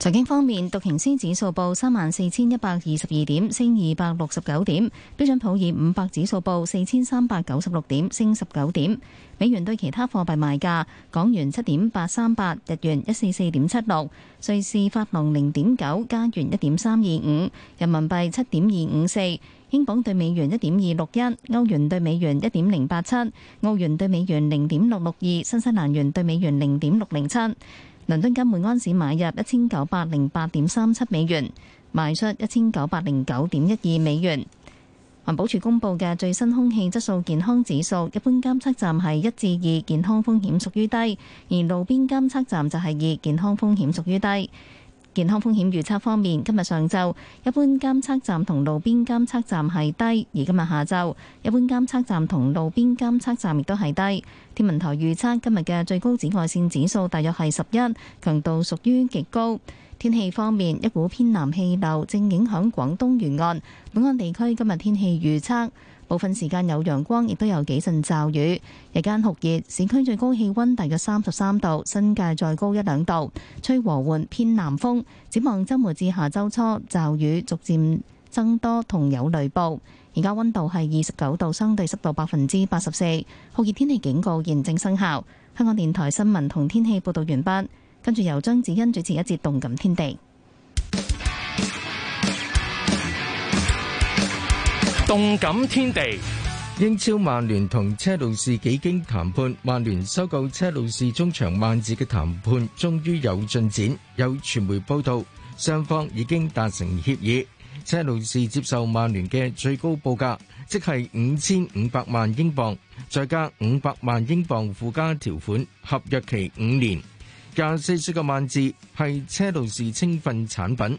財經方面，道瓊斯指數報三萬四千一百二十二點，升二百六十九點；標準普爾五百指數報四千三百九十六點，升十九點。美元對其他貨幣賣價：港元七點八三八，日元一四四點七六，瑞士法郎零點九，加元一點三二五，人民幣七點二五四，英鎊對美元一點二六一，歐元對美元一點零八七，澳元對美元零點六六二，新西蘭元對美元零點六零七。倫敦金每安士買入一千九百零八點三七美元，賣出一千九百零九點一二美元。環保署公布嘅最新空氣質素健康指數，一般監測站係一至二，健康風險屬於低；而路邊監測站就係二，健康風險屬於低。健康風險預測方面，今日上晝一般監測站同路邊監測站係低，而今日下晝一般監測站同路邊監測站亦都係低。天文台預測今日嘅最高紫外線指數大約係十一，強度屬於極高。天氣方面，一股偏南氣流正影響廣東沿岸本港地區，今日天氣預測。部分時間有陽光，亦都有幾陣驟雨。日間酷熱，市區最高氣温大約三十三度，新界再高一兩度。吹和緩偏南風。展望周末至下周初，驟雨逐漸增多，同有雷暴。而家温度係二十九度，相對濕度百分之八十四。酷熱天氣警告現正生效。香港電台新聞同天氣報道完畢。跟住由張子欣主持一節動感天地。動感天地，英超曼聯同車路士幾經談判，曼聯收購車路士中場萬字嘅談判終於有進展。有傳媒報道，雙方已經達成協議，車路士接受曼聯嘅最高報價，即係五千五百萬英鎊，再加五百萬英鎊附加條款，合約期五年。廿四歲嘅萬字係車路士青訓產品。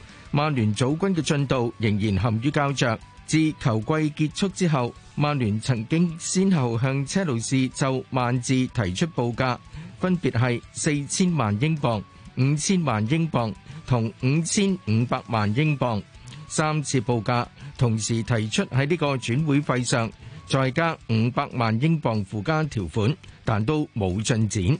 曼聯組軍嘅進度仍然陷於膠着。自球季結束之後，曼聯曾經先後向車路士就萬字提出報價，分別係四千萬英鎊、五千萬英鎊同五千五百萬英鎊，三次報價，同時提出喺呢個轉會費上再加五百萬英鎊附加條款，但都冇進展。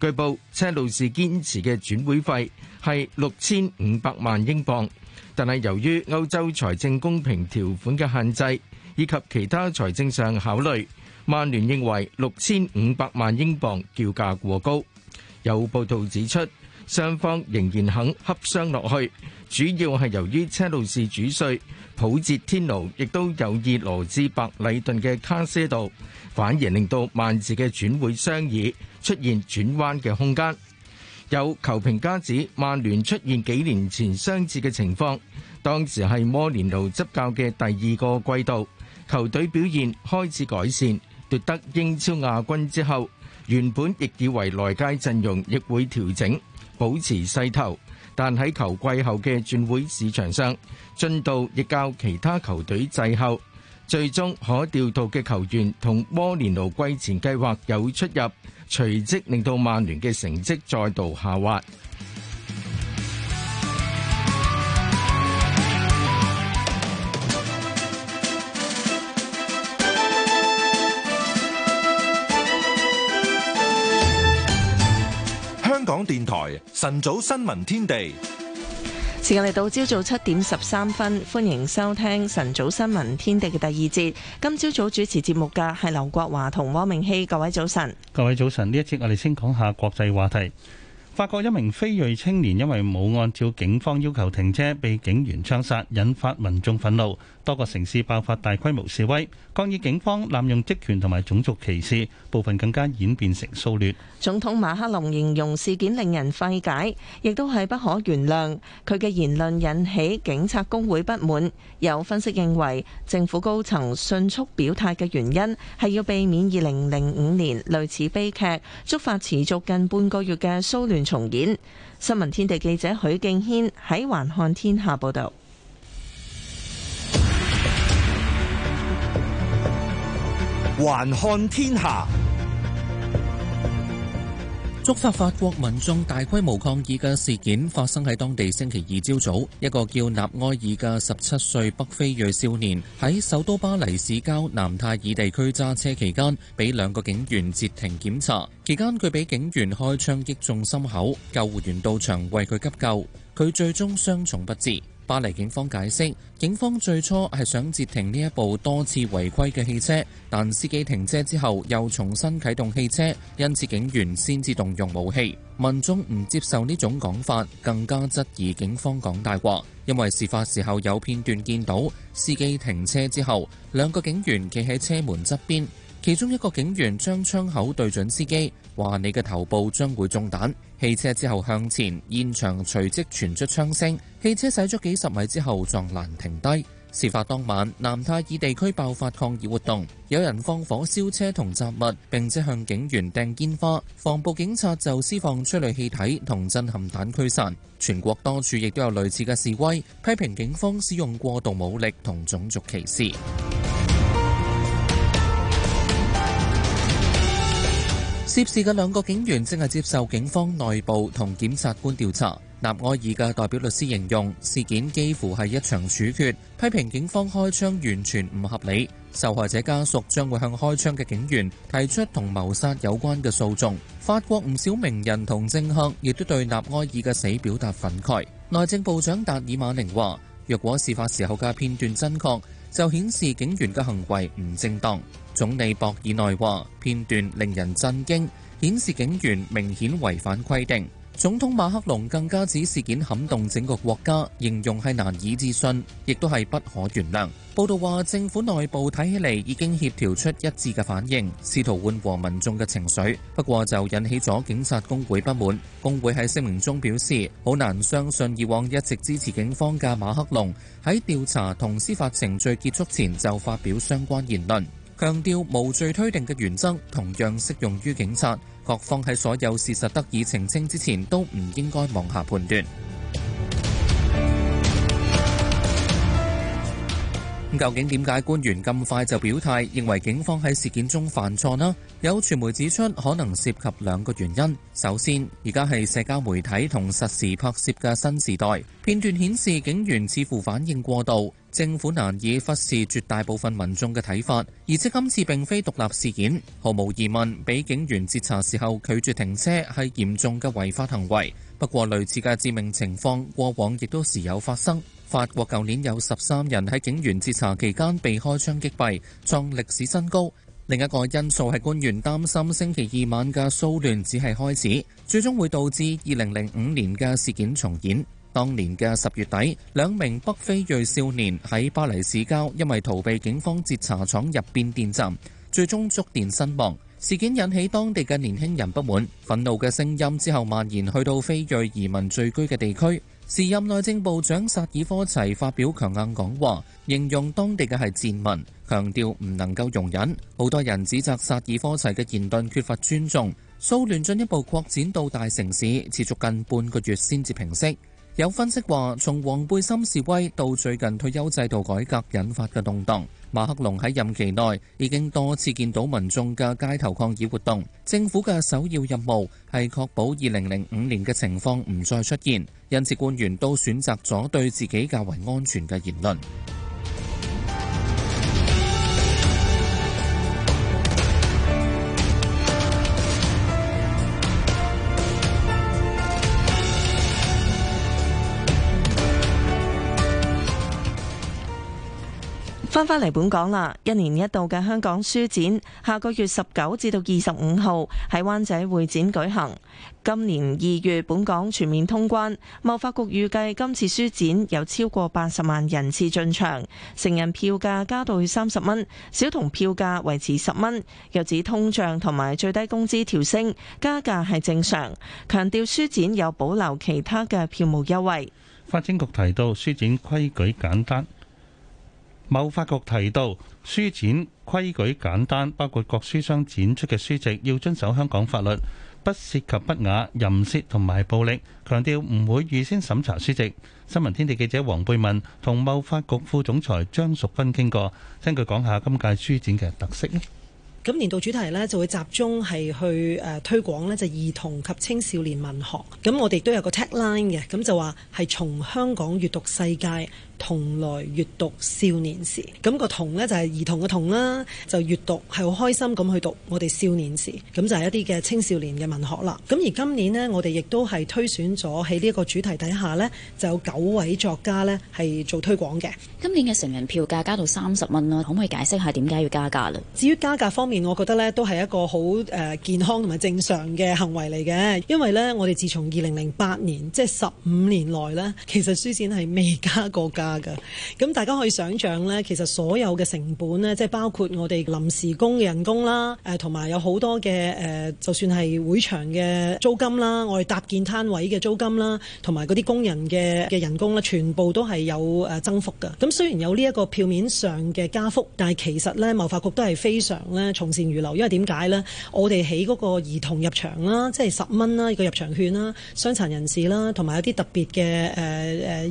據報，車路士堅持嘅轉會費係六千五百萬英鎊，但係由於歐洲財政公平條款嘅限制以及其他財政上考慮，曼聯認為六千五百萬英鎊叫價過高。有報道指出，雙方仍然肯洽商落去，主要係由於車路士主帥普捷天奴亦都有意羅致白禮頓嘅卡斯道，反而令到萬字嘅轉會商議出現轉彎嘅空間，有球評家指曼聯出現幾年前相似嘅情況，當時係摩連奴執教嘅第二個季度，球隊表現開始改善，奪得英超亞軍之後，原本亦以為來屆陣容亦會調整，保持勢頭，但喺球季後嘅轉會市場上進度亦較其他球隊滯後，最終可調度嘅球員同摩連奴季前計劃有出入。隨即令到曼聯嘅成績再度下滑。香港電台晨早新聞天地。時間嚟到朝早七點十三分，歡迎收聽晨早新聞天地嘅第二節。今朝早主持節目嘅係劉國華同汪明熙。各位早晨。各位早晨，呢一節我哋先講下國際話題。法國一名非裔青年因為冇按照警方要求停車，被警員槍殺，引發民眾憤怒，多個城市爆發大規模示威，抗議警方濫用職權同埋種族歧視，部分更加演變成騷亂。總統馬克龍形容事件令人費解，亦都係不可原諒。佢嘅言論引起警察工會不滿。有分析認為，政府高層迅速表態嘅原因係要避免二零零五年類似悲劇，觸發持續近半個月嘅騷亂。重演。新聞天地記者許敬軒喺《環看天下》報道，《環看天下》。觸發法國民眾大規模抗議嘅事件發生喺當地星期二朝早，一個叫納埃爾嘅十七歲北非裔少年喺首都巴黎市郊南泰爾地區揸車期間，俾兩個警員截停檢查，期間佢俾警員開槍擊中心口，救護員到場為佢急救，佢最終傷重不治。巴黎警方解釋，警方最初係想截停呢一部多次違規嘅汽車，但司機停車之後又重新啟動汽車，因此警員先至動用武器。民眾唔接受呢種講法，更加質疑警方講大話，因為事發時候有片段見到司機停車之後，兩個警員企喺車門側邊。其中一個警員將槍口對準司機，話你嘅頭部將會中彈。汽車之後向前，現場隨即傳出槍聲。汽車駛咗幾十米之後撞欄停低。事發當晚，南太爾地區爆發抗議活動，有人放火燒車同雜物，並且向警員掟煙花。防暴警察就施放催淚氣體同震撼彈驅散。全國多處亦都有類似嘅示威，批評警方使用過度武力同種族歧視。涉事嘅兩個警員正係接受警方內部同檢察官調查。納埃爾嘅代表律師形容事件幾乎係一場處決，批評警方開槍完全唔合理。受害者家屬將會向開槍嘅警員提出同謀殺有關嘅訴訟。法國唔少名人同政客亦都對納埃爾嘅死表達憤慨。內政部長達爾馬寧話，若果事發時候嘅片段真確，就顯示警員嘅行為唔正當。總理博爾內話片段令人震驚，顯示警員明顯違反規定。總統馬克龍更加指事件撼動整個國家，形容係難以置信，亦都係不可原諒。報道話，政府內部睇起嚟已經協調出一致嘅反應，試圖緩和民眾嘅情緒。不過就引起咗警察工會不滿。工會喺聲明中表示，好難相信以往一直支持警方嘅馬克龍喺調查同司法程序結束前就發表相關言論。強調無罪推定嘅原則同樣適用於警察，各方喺所有事實得以澄清之前，都唔應該妄下判斷。嗯、究竟點解官員咁快就表態認為警方喺事件中犯錯呢？有傳媒指出，可能涉及兩個原因。首先，而家係社交媒體同實時拍攝嘅新時代，片段顯示，警員似乎反應過度，政府難以忽視絕大部分民眾嘅睇法。而且今次並非獨立事件，毫無疑問，俾警員截查時候拒絕停車係嚴重嘅違法行為。不過，類似嘅致命情況過往亦都時有發生。法國舊年有十三人喺警員截查期間被開槍擊斃，創歷史新高。另一個因素係官員擔心星期二晚嘅騷亂只係開始，最終會導致二零零五年嘅事件重演。當年嘅十月底，兩名北非裔少年喺巴黎市郊因為逃避警方截查闖入變電站，最終觸電身亡。事件引起當地嘅年輕人不滿，憤怒嘅聲音之後蔓延去到非裔移民聚居嘅地區。時任內政部長薩爾科齊發表強硬講話，形容當地嘅係賤民，強調唔能夠容忍。好多人指責薩爾科齊嘅言論缺乏尊重。騷亂進一步擴展到大城市，持續近半個月先至平息。有分析話，從黃背心示威到最近退休制度改革引發嘅動盪，馬克龍喺任期內已經多次見到民眾嘅街頭抗議活動。政府嘅首要任務係確保二零零五年嘅情況唔再出現，因此官員都選擇咗對自己較為安全嘅言論。返返嚟本港啦！一年一度嘅香港書展下個月十九至到二十五號喺灣仔會展舉行。今年二月本港全面通關，貿發局預計今次書展有超過八十萬人次進場，成人票價加到三十蚊，小童票價維持十蚊。又指通脹同埋最低工資調升，加價係正常。強調書展有保留其他嘅票務優惠。發展局提到書展規矩簡單。貿發局提到，書展規矩簡單，包括各書商展出嘅書籍要遵守香港法律，不涉及不雅、淫褻同埋暴力。強調唔會預先審查書籍。新聞天地記者黃貝文同貿發局副總裁張淑芬傾過，聽佢講下今屆書展嘅特色呢。咁年度主題呢，就會集中係去誒推廣呢就兒童及青少年文學。咁我哋都有個 tagline 嘅，咁就話係從香港閱讀世界。同來閱讀少年時，咁個童呢就係兒童嘅童啦，就閱讀係好開心咁去讀我哋少年時，咁就係一啲嘅青少年嘅文學啦。咁而今年呢，我哋亦都係推選咗喺呢一個主題底下呢，就有九位作家呢係做推廣嘅。今年嘅成人票價加到三十蚊啦，可唔可以解釋下點解要加價呢？至於加價方面，我覺得呢都係一個好誒健康同埋正常嘅行為嚟嘅，因為呢，我哋自從二零零八年，即係十五年內呢，其實書展係未加過價。噶，咁大家可以想像呢，其實所有嘅成本呢，即係包括我哋臨時工嘅人工啦，誒同埋有好多嘅誒，就算係會場嘅租金啦，我哋搭建攤位嘅租金啦，同埋嗰啲工人嘅嘅人工呢，全部都係有誒增幅㗎。咁雖然有呢一個票面上嘅加幅，但係其實呢，貿發局都係非常咧從善如流，因為點解呢？我哋起嗰個兒童入場啦，即係十蚊啦個入場券啦，傷殘人士啦，同埋有啲特別嘅誒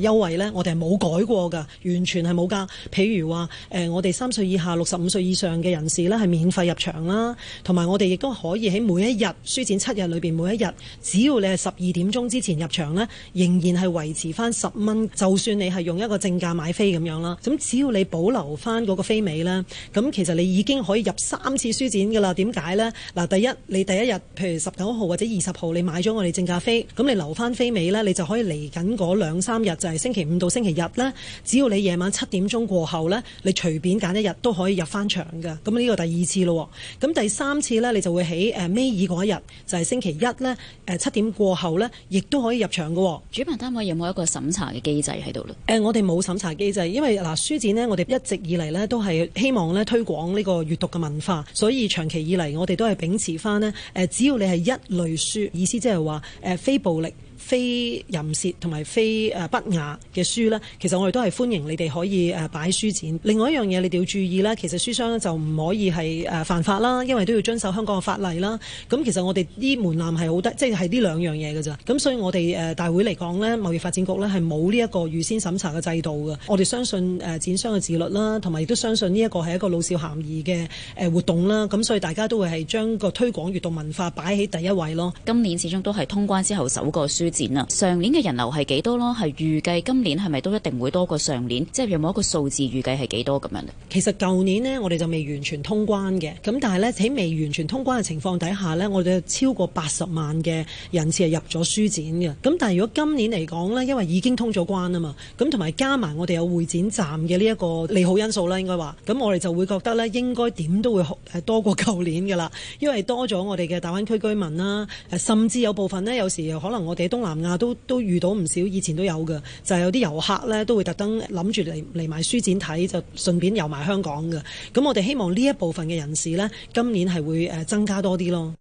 誒優惠呢，我哋係冇改。過噶，完全係冇價。譬如話，誒，我哋三歲以下，六十五歲以上嘅人士咧，係免費入場啦。同埋，我哋亦都可以喺每一日書展七日裏邊，每一日只要你係十二點鐘之前入場呢，仍然係維持翻十蚊。就算你係用一個正價買飛咁樣啦，咁只要你保留翻嗰個飛尾呢，咁其實你已經可以入三次書展噶啦。點解呢？嗱，第一，你第一日，譬如十九號或者二十號，你買咗我哋正價飛，咁你留翻飛尾呢，你就可以嚟緊嗰兩三日，就係星期五到星期日呢。只要你夜晚七點鐘過後呢，你隨便揀一日都可以入翻場嘅。咁、這、呢個第二次咯、哦。咁第三次呢，你就會喺誒尾二嗰一日，就係、是、星期一呢，誒、呃、七點過後呢，亦都可以入場嘅、哦。主辦單位有冇一個審查嘅機制喺度呢？誒、呃，我哋冇審查機制，因為嗱、呃、書展呢，我哋一直以嚟呢，都係希望呢，推廣呢個閱讀嘅文化，所以長期以嚟我哋都係秉持翻呢，誒、呃，只要你係一類書，意思即係話誒非暴力。非淫褻同埋非誒不雅嘅書呢，其實我哋都係歡迎你哋可以誒擺書展。另外一樣嘢你哋要注意啦，其實書商呢就唔可以係誒犯法啦，因為都要遵守香港嘅法例啦。咁其實我哋啲門檻係好低，即係呢兩樣嘢㗎咋。咁所以我哋誒大會嚟講呢，貿易發展局呢係冇呢一個預先審查嘅制度㗎。我哋相信誒展商嘅自律啦，同埋亦都相信呢一個係一個老少咸宜嘅誒活動啦。咁所以大家都會係將個推廣閲讀文化擺喺第一位咯。今年始終都係通關之後首個書。上年嘅人流係幾多咯？係預計今年係咪都一定會多過上年？即係有冇一個數字預計係幾多咁樣呢？其實舊年呢，我哋就未完全通關嘅。咁但係呢，喺未完全通關嘅情況底下呢，我哋超過八十萬嘅人次係入咗書展嘅。咁但係如果今年嚟講呢，因為已經通咗關啊嘛，咁同埋加埋我哋有會展站嘅呢一個利好因素啦，應該話，咁我哋就會覺得呢應該點都會多過舊年噶啦。因為多咗我哋嘅大灣區居民啦，甚至有部分呢，有時可能我哋東南亞都都遇到唔少，以前都有嘅，就係、是、有啲遊客呢都會特登諗住嚟嚟埋書展睇，就順便遊埋香港嘅。咁我哋希望呢一部分嘅人士呢，今年係會誒增加多啲咯。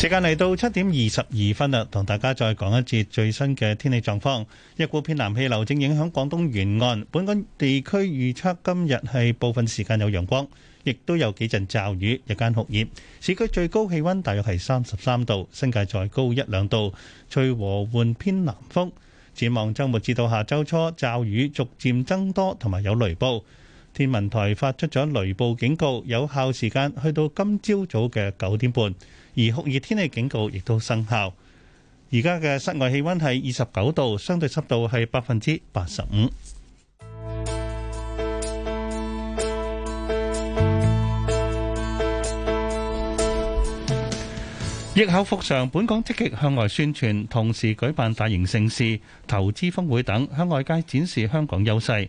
時間嚟到七點二十二分啦，同大家再講一節最新嘅天氣狀況。一股偏南氣流正影響廣東沿岸，本港地區預測今日係部分時間有陽光，亦都有幾陣驟雨，日間酷熱。市區最高氣温大約係三十三度，新界再高一兩度。吹和緩偏南風，展望周末至到下周初，驟雨逐漸增多，同埋有雷暴。天文台發出咗雷暴警告，有效時間去到今朝早嘅九點半。而酷熱天氣警告亦都生效。而家嘅室外氣温係二十九度，相對濕度係百分之八十五。疫後復常，本港積極向外宣傳，同時舉辦大型盛事、投資峰會等，向外界展示香港優勢。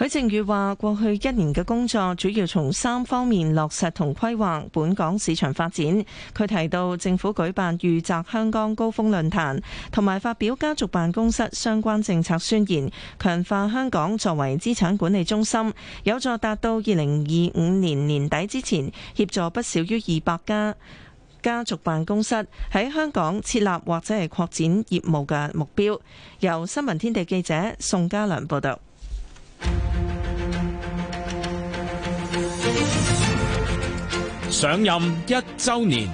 許正宇話：過去一年嘅工作主要從三方面落實同規劃本港市場發展。佢提到政府舉辦裕澤香港高峰論壇，同埋發表家族辦公室相關政策宣言，強化香港作為資產管理中心，有助達到二零二五年年底之前協助不少於二百家家族辦公室喺香港設立或者係擴展業務嘅目標。由新聞天地記者宋家良報道。上任一周年，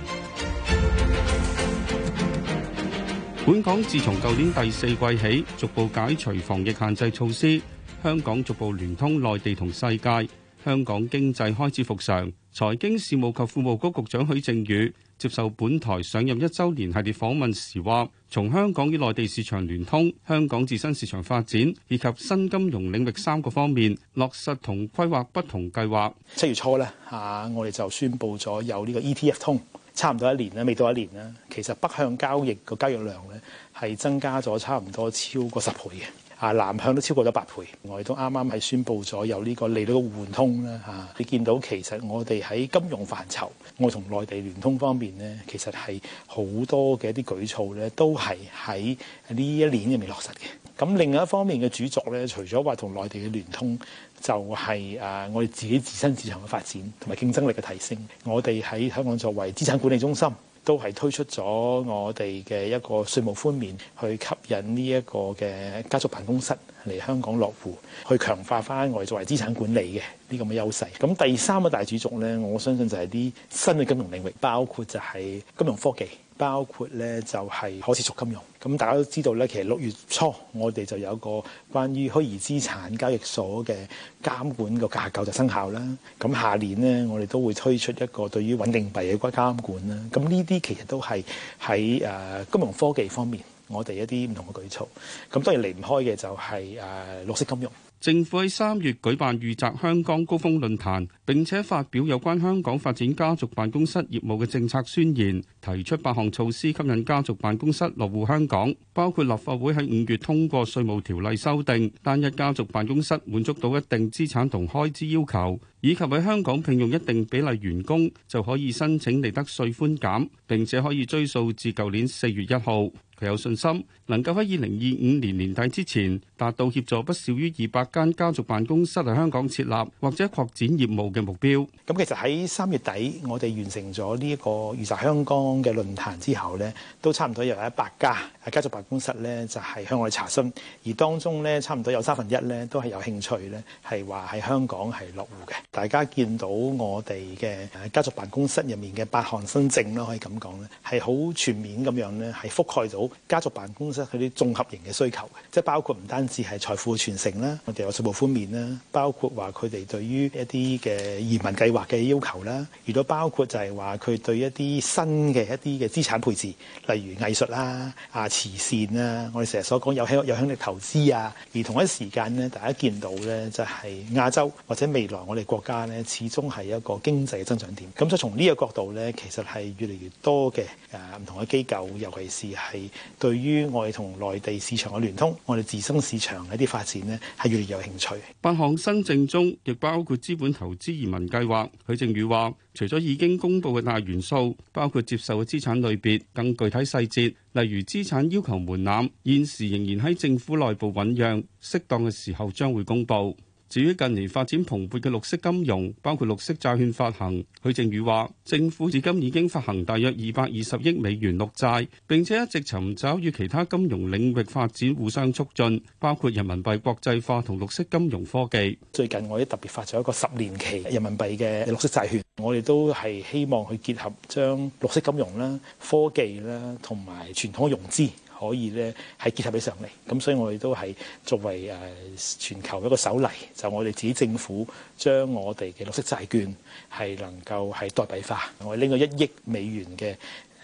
本港自從舊年第四季起逐步解除防疫限制措施，香港逐步聯通內地同世界，香港經濟開始復常。財經事務及庫務局局長許正宇。接受本台上任一周年系列訪問時話，從香港與內地市場聯通、香港自身市場發展以及新金融領域三個方面，落實同規劃不同計劃。七月初咧，吓，我哋就宣布咗有呢個 ETF 通，差唔多一年啦，未到一年啦，其實北向交易個交易量咧，係增加咗差唔多超過十倍嘅。啊，南向都超過咗八倍，我哋都啱啱係宣布咗有呢個利率嘅互換通啦。嚇、啊，你見到其實我哋喺金融範疇，我同內地聯通方面咧，其實係好多嘅一啲舉措咧，都係喺呢一年入面落實嘅。咁另外一方面嘅主軸咧，除咗話同內地嘅聯通，就係、是、誒、啊、我哋自己自身市場嘅發展同埋競爭力嘅提升。我哋喺香港作為資產管理中心。都係推出咗我哋嘅一個稅務寬免，去吸引呢一個嘅家族辦公室嚟香港落戶，去強化翻外作為資產管理嘅呢咁嘅優勢。咁第三個大主軸呢，我相信就係啲新嘅金融領域，包括就係金融科技。包括咧就係可持續金融，咁大家都知道咧，其實六月初我哋就有個關於虛擬資產交易所嘅監管個架構就生效啦。咁下年咧，我哋都會推出一個對於穩定幣嘅監管啦。咁呢啲其實都係喺誒金融科技方面，我哋一啲唔同嘅舉措。咁當然離唔開嘅就係、是、誒、呃、綠色金融。政府喺三月舉辦預測香港高峰論壇，並且發表有關香港發展家族辦公室業務嘅政策宣言，提出八項措施吸引家族辦公室落戶香港，包括立法會喺五月通過稅務條例修訂，單一家族辦公室滿足到一定資產同開支要求。以及喺香港聘用一定比例員工就可以申請利得稅寬減，並且可以追溯至舊年四月一號。佢有信心能夠喺二零二五年年底之前達到協助不少於二百間家族辦公室喺香港設立或者擴展業務嘅目標。咁其實喺三月底我哋完成咗呢一個預習香港嘅論壇之後咧，都差唔多有一百家。喺家族辦公室咧就係、是、向外查詢，而當中咧差唔多有三分一咧都係有興趣咧，係話喺香港係落戶嘅。大家見到我哋嘅家族辦公室入面嘅八項新政啦，可以咁講咧，係好全面咁樣咧，係覆蓋到家族辦公室佢啲綜合型嘅需求嘅，即係包括唔單止係財富傳承啦，我哋有數部方面啦，包括話佢哋對於一啲嘅移民計劃嘅要求啦，如果包括就係話佢對一啲新嘅一啲嘅資產配置，例如藝術啦啊。慈善咧，我哋成日所講有響有響力投資啊，而同一時間咧，大家見到咧就係亞洲或者未來我哋國家咧，始終係一個經濟嘅增長點，咁所以從呢個角度咧，其實，係越嚟越多嘅誒唔同嘅機構，尤其是係對於我哋同內地市場嘅聯通，我哋自身市場嘅一啲發展咧，係越嚟越有興趣。八項新政中，亦包括資本投資移民計劃，許正宇話。除咗已經公布嘅大元素，包括接受嘅資產類別，更具體細節，例如資產要求門檻，現時仍然喺政府內部醖釀，適當嘅時候將會公布。至於近年發展蓬勃嘅綠色金融，包括綠色債券發行，許正宇話：政府至今已經發行大約二百二十億美元綠債，並且一直尋找與其他金融領域發展互相促進，包括人民幣國際化同綠色金融科技。最近我哋特別發咗一個十年期人民幣嘅綠色債券，我哋都係希望去結合將綠色金融啦、科技啦同埋傳統融資。可以咧係結合起上嚟，咁所以我哋都係作為誒全球一個首例，就我哋自己政府將我哋嘅綠色債券係能夠係代幣化，我哋拎個一億美元嘅。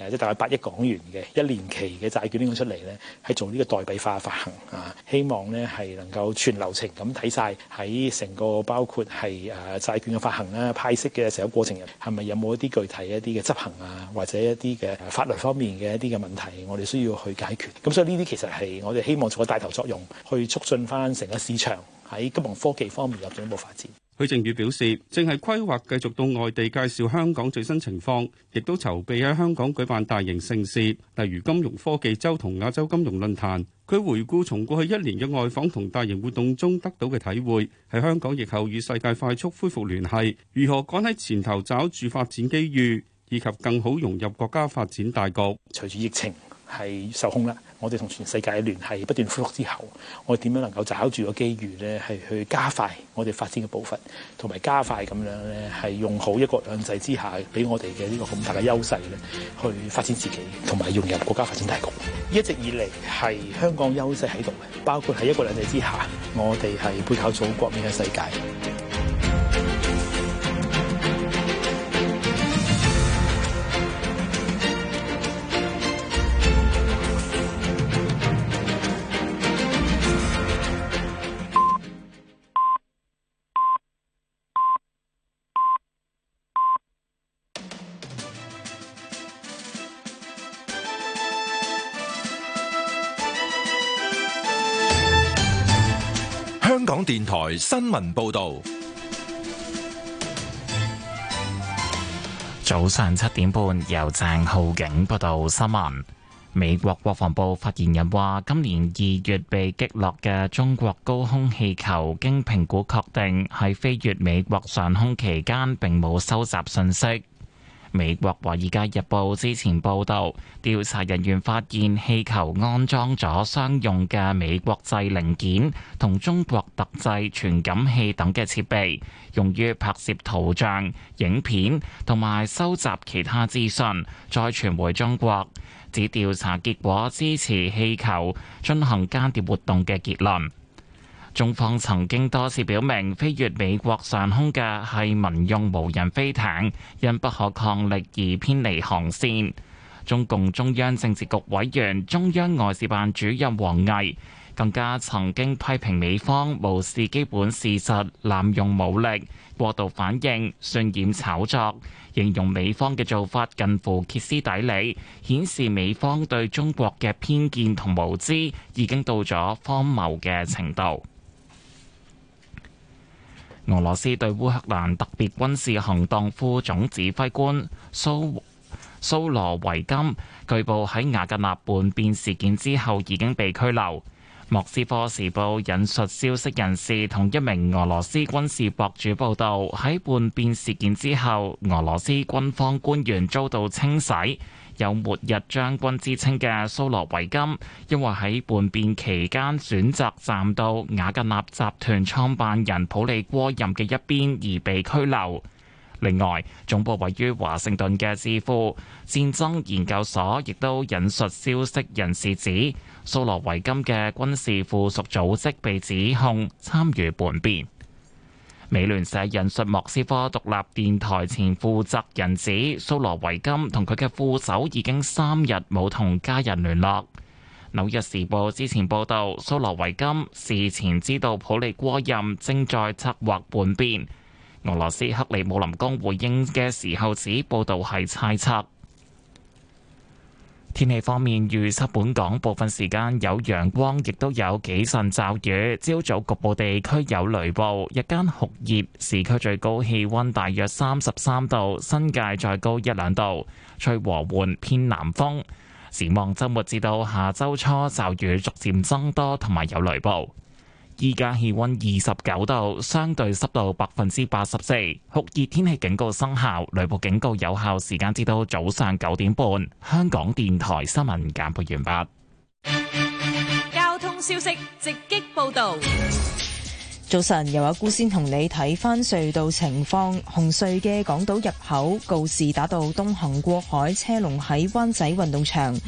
誒即大概八億港元嘅一年期嘅債券拎咗出嚟咧，係做呢個代幣化發行啊，希望咧係能夠全流程咁睇晒喺成個包括係誒、啊、債券嘅發行啦、派息嘅成個過程入，係咪有冇一啲具體一啲嘅執行啊，或者一啲嘅法律方面嘅一啲嘅問題，我哋需要去解決。咁所以呢啲其實係我哋希望做個帶頭作用，去促進翻成個市場喺金融科技方面有進一步發展。許正宇表示，正係規劃繼續到外地介紹香港最新情況，亦都籌備喺香港舉辦大型盛事，例如金融科技周同亞洲金融論壇。佢回顧從過去一年嘅外訪同大型活動中得到嘅體會，喺香港疫後與世界快速恢復聯繫，如何趕喺前頭抓住發展機遇，以及更好融入國家發展大局。隨住疫情。係受控啦！我哋同全世界嘅聯繫不斷恢復之後，我哋點樣能夠找住個機遇咧？係去加快我哋發展嘅步伐，同埋加快咁樣咧，係用好一國兩制之下俾我哋嘅呢個咁大嘅優勢咧，去發展自己，同埋融入國家發展大局。一直以嚟係香港優勢喺度嘅，包括喺一國兩制之下，我哋係背靠祖國面嘅世界。新聞報道。早上七點半，由鄭浩景報道新聞。美國國防部發言人話，今年二月被擊落嘅中國高空氣球，經評估確定喺飛越美國上空期間，並冇收集信息。美國《華爾街日報》之前報導，調查人員發現氣球安裝咗商用嘅美國製零件同中國特製傳感器等嘅設備，用於拍攝圖像、影片同埋收集其他資訊，再傳回中國。指調查結果支持氣球進行間諜活動嘅結論。中方曾經多次表明，飛越美國上空嘅係民用無人飛艇，因不可抗力而偏離航線。中共中央政治局委員、中央外事辦主任王毅更加曾經批評美方無視基本事實、濫用武力、過度反應、渲染炒作，形容美方嘅做法近乎歇斯底里，顯示美方對中國嘅偏見同無知已經到咗荒謬嘅程度。俄羅斯對烏克蘭特別軍事行動副總指揮官蘇蘇羅維金據報，喺瓦格納叛變事件之後已經被拘留。莫斯科時報引述消息人士同一名俄羅斯軍事博主報道，喺叛變事件之後，俄羅斯軍方官員遭到清洗。有末日將軍之稱嘅蘇羅維金，因為喺叛變期間選擇站到瓦格納集團創辦人普里戈任嘅一邊而被拘留。另外，總部位於華盛頓嘅智庫戰爭研究所，亦都引述消息人士指，蘇羅維金嘅軍事附屬組，組織被指控參與叛變。美聯社引述莫斯科獨立電台前負責人指，蘇羅維金同佢嘅副手已經三日冇同家人聯絡。紐約時報之前報道，蘇羅維金事前知道普里戈任正在策劃叛變。俄羅斯克里姆林宮回應嘅時候指，報道係猜測。天氣方面，預測本港部分時間有陽光，亦都有幾陣驟雨。朝早局部地區有雷暴，日間酷熱，市區最高氣溫大約三十三度，新界再高一兩度。吹和緩偏南風，展望周末至到下周初，驟雨逐漸增多，同埋有雷暴。而家氣溫二十九度，相對濕度百分之八十四。酷熱天氣警告生效，雷暴警告有效時間至到早上九點半。香港電台新聞簡報完畢。交通消息直擊報道。早晨，有阿姑先同你睇翻隧道情況。紅隧嘅港島入口告士打道東行過海車龍喺灣仔運動場，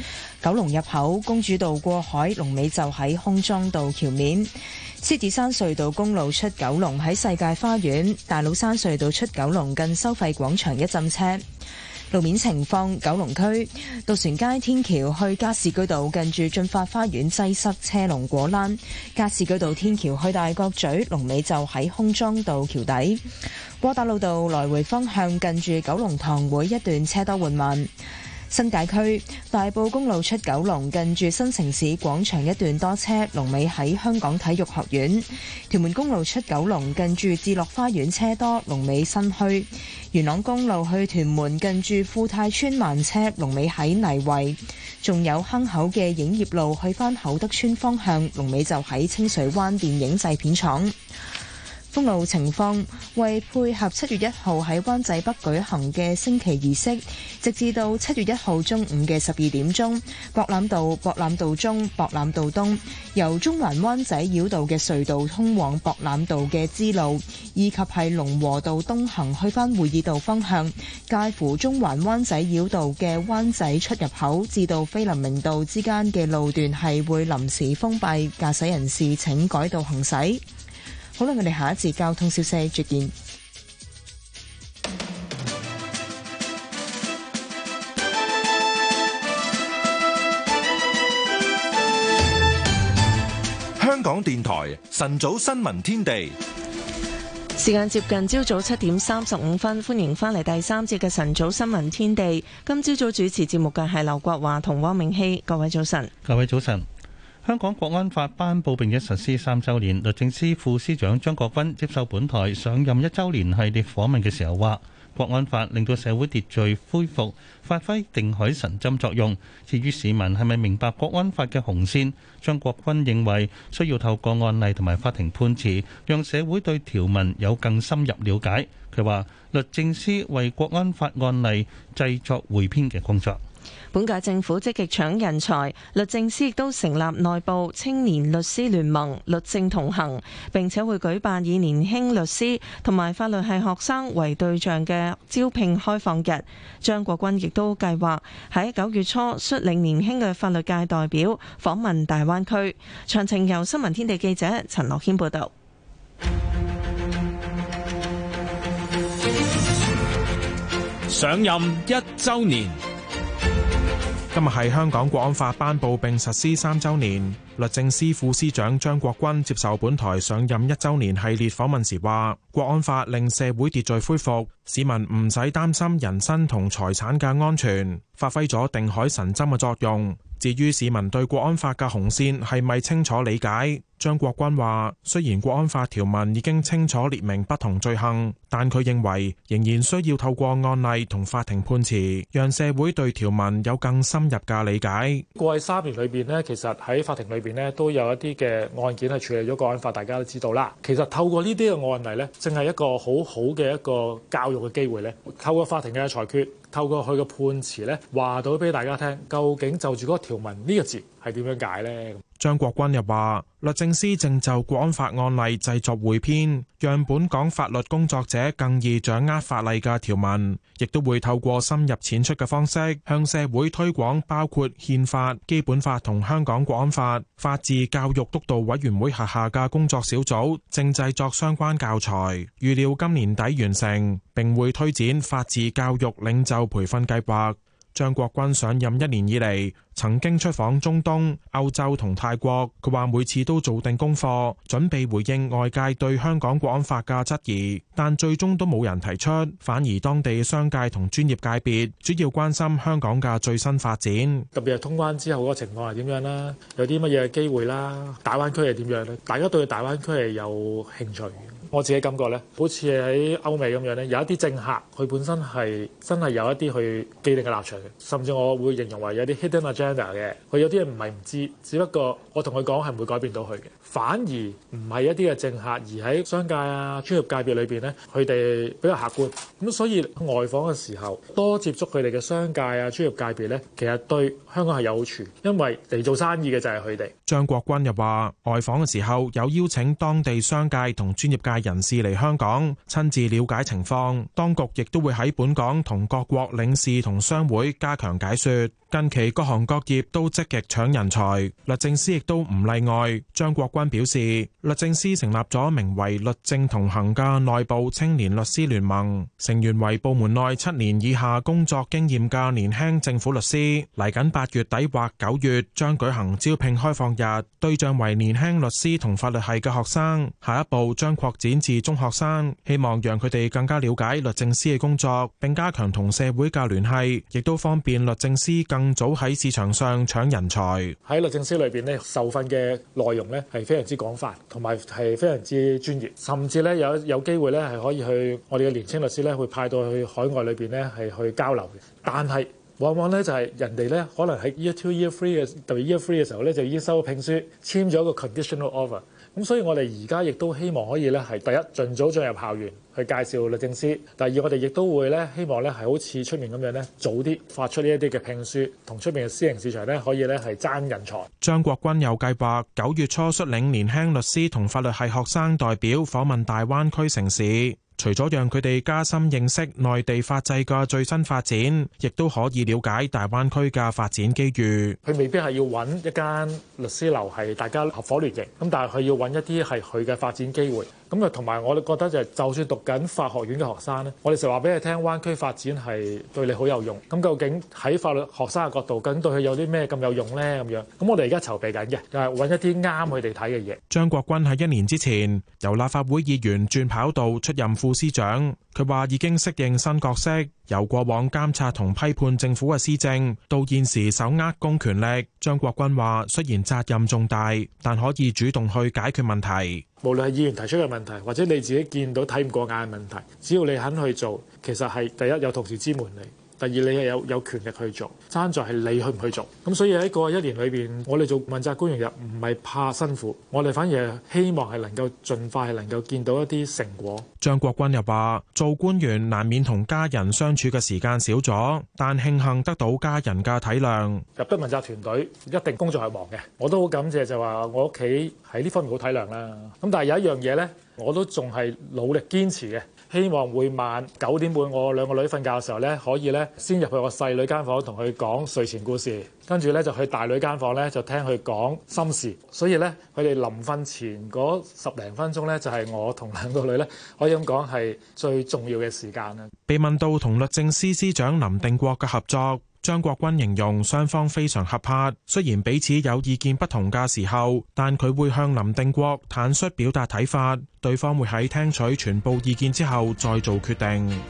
九龍入口公主道過海龍尾就喺康莊道橋面。獅子山隧道公路出九龍喺世界花園，大老山隧道出九龍近收費廣場一陣車路面情況。九龍區渡船街天橋去加士居道近住駿發花園擠塞車龍果欄，加士居道天橋去大角咀龍尾就喺空中道橋底。窩打老道來回方向近住九龍塘會一段車多緩慢。新界區大埔公路出九龍，近住新城市廣場一段多車，龍尾喺香港體育學院；屯門公路出九龍，近住置樂花園車多，龍尾新墟；元朗公路去屯門，近住富泰村慢車，龍尾喺泥圍；仲有坑口嘅影業路去返厚德村方向，龍尾就喺清水灣電影製片廠。封路情況，為配合七月一號喺灣仔北舉行嘅升旗儀式，直至到七月一號中午嘅十二點鐘，博覽道、博覽道中、博覽道東由中環灣仔繞道嘅隧道通往博覽道嘅支路，以及係龍和道東行去返會議道方向，介乎中環灣仔繞道嘅灣仔出入口至到菲林明道之間嘅路段係會臨時封閉，駕駛人士請改道行駛。好啦，我哋下一次交通消息再見。香港電台晨早新聞天地，時間接近朝早七點三十五分，歡迎翻嚟第三節嘅晨早新聞天地。今朝早主持節目嘅係劉國華同汪明熙。各位早晨，各位早晨。香港國安法頒布並且實施三周年，律政司副司長張國軍接受本台上任一周年系列訪問嘅時候話，國安法令到社會秩序恢復，發揮定海神針作用。至於市民係咪明白國安法嘅紅線，張國軍認為需要透過案例同埋法庭判詞讓社會對條文有更深入了解。佢話律政司為國安法案例製作匯編嘅工作。本屆政府積極搶人才，律政司亦都成立內部青年律師聯盟“律政同行”，並且會舉辦以年輕律師同埋法律系學生為對象嘅招聘開放日。張國軍亦都計劃喺九月初率領年輕嘅法律界代表訪問大灣區。詳情由新聞天地記者陳樂謙報道。上任一週年。今日係香港《國安法》頒布並實施三週年，律政司副司長張國鈞接受本台上任一週年系列訪問時話：《國安法》令社會秩序恢復。市民唔使擔心人身同財產嘅安全，發揮咗定海神針嘅作用。至於市民對國安法嘅紅線係咪清楚理解，張國軍話：雖然國安法條文已經清楚列明不同罪行，但佢認為仍然需要透過案例同法庭判詞，讓社會對條文有更深入嘅理解。過去三年裏邊呢，其實喺法庭裏邊呢，都有一啲嘅案件係處理咗國安法，大家都知道啦。其實透過呢啲嘅案例呢，正係一個好好嘅一個教育。嘅機會咧，透過法庭嘅裁決，透過佢嘅判詞咧，話到俾大家聽，究竟就住嗰個條文呢個字係點樣解咧？張國鈞又話，律政司正就國安法案例製作匯編，讓本港法律工作者更易掌握法例嘅條文，亦都會透過深入淺出嘅方式向社會推廣，包括憲法、基本法同香港國安法，法治教育督導委員會轄下嘅工作小組正製作相關教材，預料今年底完成，並會推展法治教育領袖培訓計劃。張國軍上任一年以嚟，曾經出訪中東、歐洲同泰國。佢話每次都做定功課，準備回應外界對香港國安法嘅質疑，但最終都冇人提出，反而當地商界同專業界別主要關心香港嘅最新發展，特別係通關之後嗰個情況係點樣啦？有啲乜嘢機會啦？大灣區係點樣咧？大家對大灣區係有興趣。我自己感覺咧，好似喺歐美咁樣咧，有一啲政客佢本身係真係有一啲去既定嘅立場嘅，甚至我會形容為有啲 hidden agenda 嘅，佢有啲嘢唔係唔知，只不過我同佢講係唔會改變到佢嘅。反而唔係一啲嘅政客，而喺商界啊、專業界別裏邊咧，佢哋比較客觀。咁所以外訪嘅時候，多接觸佢哋嘅商界啊、專業界別咧，其實對香港係有好處，因為嚟做生意嘅就係佢哋。張國軍又話：外訪嘅時候有邀請當地商界同專業界人士嚟香港，親自了解情況，當局亦都會喺本港同各國領事同商會加強解說。近期各行各業都積極搶人才，律政司亦都唔例外。張國軍表示，律政司成立咗名為“律政同行”嘅內部青年律師聯盟，成員為部門內七年以下工作經驗嘅年輕政府律師。嚟緊八月底或九月將舉行招聘開放日，對象為年輕律師同法律系嘅學生。下一步將擴展至中學生，希望讓佢哋更加了解律政司嘅工作，並加強同社會嘅聯繫，亦都方便律政司更。早喺市場上搶人才。喺律政司裏邊咧，受訓嘅內容咧係非常之廣泛，同埋係非常之專業，甚至咧有有機會咧係可以去我哋嘅年青律師咧，會派到去海外裏邊咧係去交流嘅。但係往往咧就係人哋咧，可能喺 year two、year three 嘅特別 year three 嘅時候咧，就已經收咗聘書，簽咗一個 conditional offer。咁所以我哋而家亦都希望可以咧，係第一，盡早進入校園去介紹律政司，第二，我哋亦都會咧，希望咧係好似出面咁樣咧，早啲發出呢一啲嘅聘書同出面嘅私營市場咧，可以咧係爭人才。張國鈞又計劃九月初率領年輕律師同法律系學生代表訪問大灣區城市。除咗讓佢哋加深認識內地法制嘅最新發展，亦都可以了解大灣區嘅發展機遇。佢未必係要揾一間律師樓係大家合夥聯營，咁但係佢要揾一啲係佢嘅發展機會。咁啊，同埋我哋覺得就係，就算讀緊法學院嘅學生咧，我哋成日話俾你聽，灣區發展係對你好有用。咁究竟喺法律學生嘅角度，究竟對佢有啲咩咁有用呢？咁樣，咁我哋而家籌備緊嘅，就係揾一啲啱佢哋睇嘅嘢。張國鈞喺一年之前由立法會議員轉跑道出任副司長，佢話已經適應新角色。由過往監察同批判政府嘅施政，到現時手握公權力，張國鈞話，雖然責任重大，但可以主動去解決問題。無論係議員提出嘅問題，或者你自己見到睇唔過眼嘅問題，只要你肯去做，其實係第一，有同事支援你。第二，你係有有權力去做，爭在係你去唔去做。咁所以喺過去一年裏邊，我哋做問責官員又唔係怕辛苦，我哋反而希望係能夠盡快係能夠見到一啲成果。張國軍又話：做官員難免同家人相處嘅時間少咗，但慶幸得到家人嘅體諒。入得問責團隊，一定工作係忙嘅。我都好感謝就話我屋企喺呢方面好體諒啦。咁但係有一樣嘢呢，我都仲係努力堅持嘅。希望每晚九點半，我兩個女瞓覺嘅時候咧，可以咧先入去我細女間房同佢講睡前故事，跟住咧就去大女間房咧就聽佢講心事。所以咧，佢哋臨瞓前嗰十零分鐘咧，就係我同兩個女咧可以咁講係最重要嘅時間啦。被問到同律政司司長林定國嘅合作。張國鈞形容雙方非常合拍，雖然彼此有意見不同嘅時候，但佢會向林定國坦率表達睇法，對方會喺聽取全部意見之後再做決定。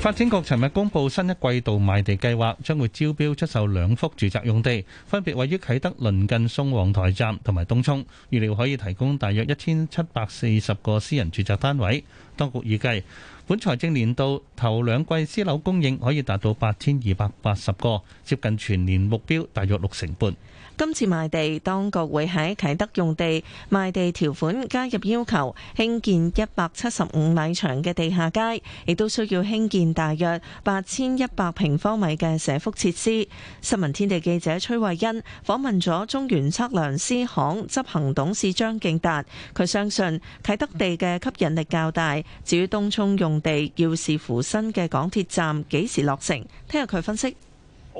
發展局昨日公布新一季度賣地計劃，將會招標出售兩幅住宅用地，分別位於啟德鄰近宋皇台站同埋東涌，預料可以提供大約一千七百四十個私人住宅單位。當局預計，本財政年度頭兩季私樓供應可以達到八千二百八十個，接近全年目標大約六成半。今次賣地，當局會喺啟德用地賣地條款加入要求興建一百七十五米長嘅地下街，亦都需要興建大約八千一百平方米嘅社福設施。新聞天地記者崔慧欣訪問咗中原測量師行執行董事張敬達，佢相信啟德地嘅吸引力較大。至於東涌用地，要視乎新嘅港鐵站幾時落成。聽日佢分析。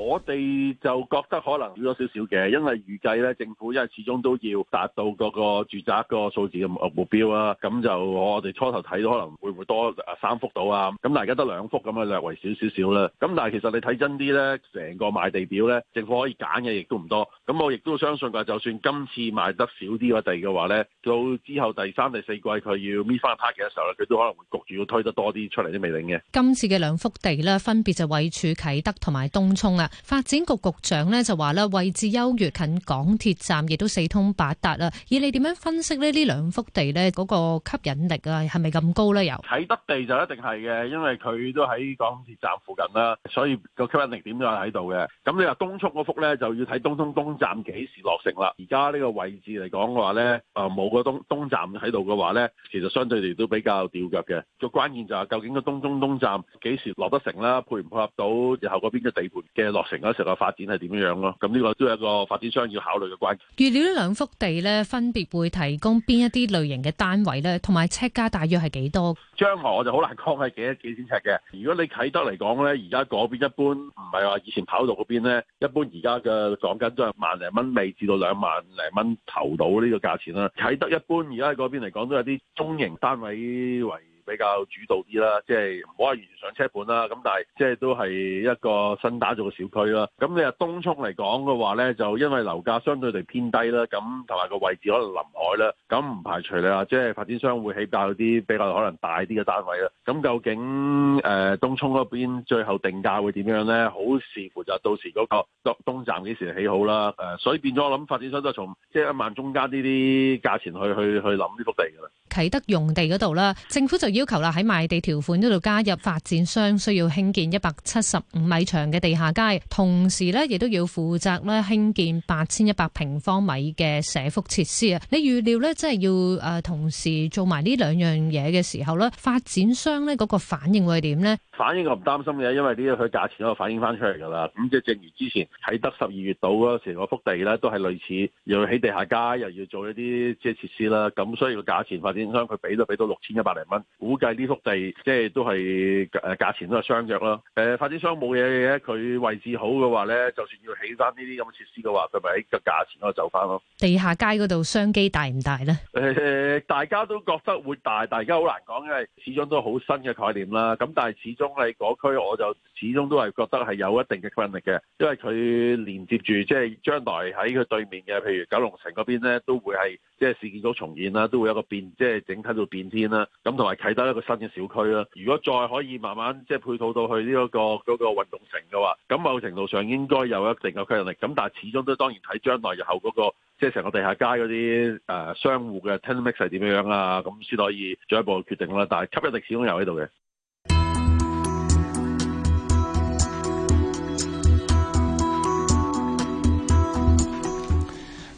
我哋就覺得可能少咗少少嘅，因為預計咧政府因為始終都要達到嗰個住宅個數字嘅目標啊，咁就我哋初頭睇到可能會唔會多三幅到啊，咁但係而家得兩幅咁啊，略為少少少啦。咁但係其實你睇真啲咧，成個賣地表咧，政府可以揀嘅亦都唔多。咁我亦都相信佢就算今次賣得少啲嘅地嘅話咧，到之後第三、第四季佢要搣翻一批嘅時候咧，佢都可能會焗住要推得多啲出嚟都未定嘅。今次嘅兩幅地咧，分別就位處啟德同埋東涌啊。發展局局長咧就話咧，位置優越，近港鐵站，亦都四通八達啦。以你點樣分析咧呢兩幅地咧嗰個吸引力啊，係咪咁高咧？又啟德地就一定係嘅，因為佢都喺港鐵站附近啦，所以個吸引力點都係喺度嘅。咁你話東涌嗰幅咧就要睇東涌東站幾時落成啦。而家呢個位置嚟講嘅話咧，啊冇個東東站喺度嘅話咧，其實相對嚟都比較吊腳嘅。個關鍵就係究竟個東涌東站幾時落得成啦？配唔配合到日後嗰邊嘅地盤嘅落？成嗰時候發展係點樣咯？咁呢個都係一個發展商要考慮嘅關鍵。預料呢兩幅地咧，分別會提供邊一啲類型嘅單位咧，同埋尺價大約係幾多？將來我就好難講係幾多幾千尺嘅。如果你啟德嚟講咧，而家嗰邊一般唔係話以前跑道嗰邊咧，一般而家嘅講緊都係萬零蚊，未至到兩萬零蚊投到呢個價錢啦。啟德一般而家喺嗰邊嚟講，講都有啲中型單位為。比較主導啲啦，即係唔好話完全上車盤啦，咁但係即係都係一個新打造嘅小區啦。咁你話東涌嚟講嘅話咧，就因為樓價相對嚟偏低啦，咁同埋個位置可能臨海啦，咁唔排除你話，即係發展商會起較啲比較可能大啲嘅單位啦。咁究竟誒東涌嗰邊最後定價會點樣咧？好視乎就到時嗰個東站幾時起好啦。誒，所以變咗我諗發展商都係從即係一萬中間呢啲價錢去去去諗呢幅地噶啦。啟德用地嗰度啦，政府就要。要求啦，喺賣地條款嗰度加入發展商需要興建一百七十五米長嘅地下街，同時咧亦都要負責咧興建八千一百平方米嘅社福設施啊！你預料咧真係要誒同時做埋呢兩樣嘢嘅時候咧，發展商咧嗰個反應會係點咧？反應我唔擔心嘅，因為呢個佢價錢都反映翻出嚟噶啦。咁即係正如之前喺得十二月度嗰時嗰幅地咧，都係類似又要喺地下街又要做一啲即係設施啦。咁所以個價錢發展商佢俾都俾到六千一百零蚊。估計呢幅地即係都係誒價錢都係相若咯。誒、呃、發展商冇嘢嘅，佢位置好嘅話咧，就算要起翻呢啲咁嘅設施嘅話，佢咪喺個價錢度走翻咯。地下街嗰度商機大唔大咧？誒、呃、大家都覺得會大，大家好難講，因為始終都好新嘅概念啦。咁但係始終喺嗰區，我就始終都係覺得係有一定嘅吸引力嘅，因為佢連接住即係將來喺佢對面嘅，譬如九龍城嗰邊咧，都會係即係事件都重現啦，都會有一個變，即係整體度變天啦。咁同埋得一個新嘅小區啦，如果再可以慢慢即係配套到去呢、這、一個嗰、那個運動城嘅話，咁某程度上應該有一定嘅吸引力。咁但係始終都當然睇將來日後嗰、那個即係成個地下街嗰啲誒商戶嘅 tenant mix 係點樣啦。咁先可以進一步決定啦。但係吸引力始終有喺度嘅。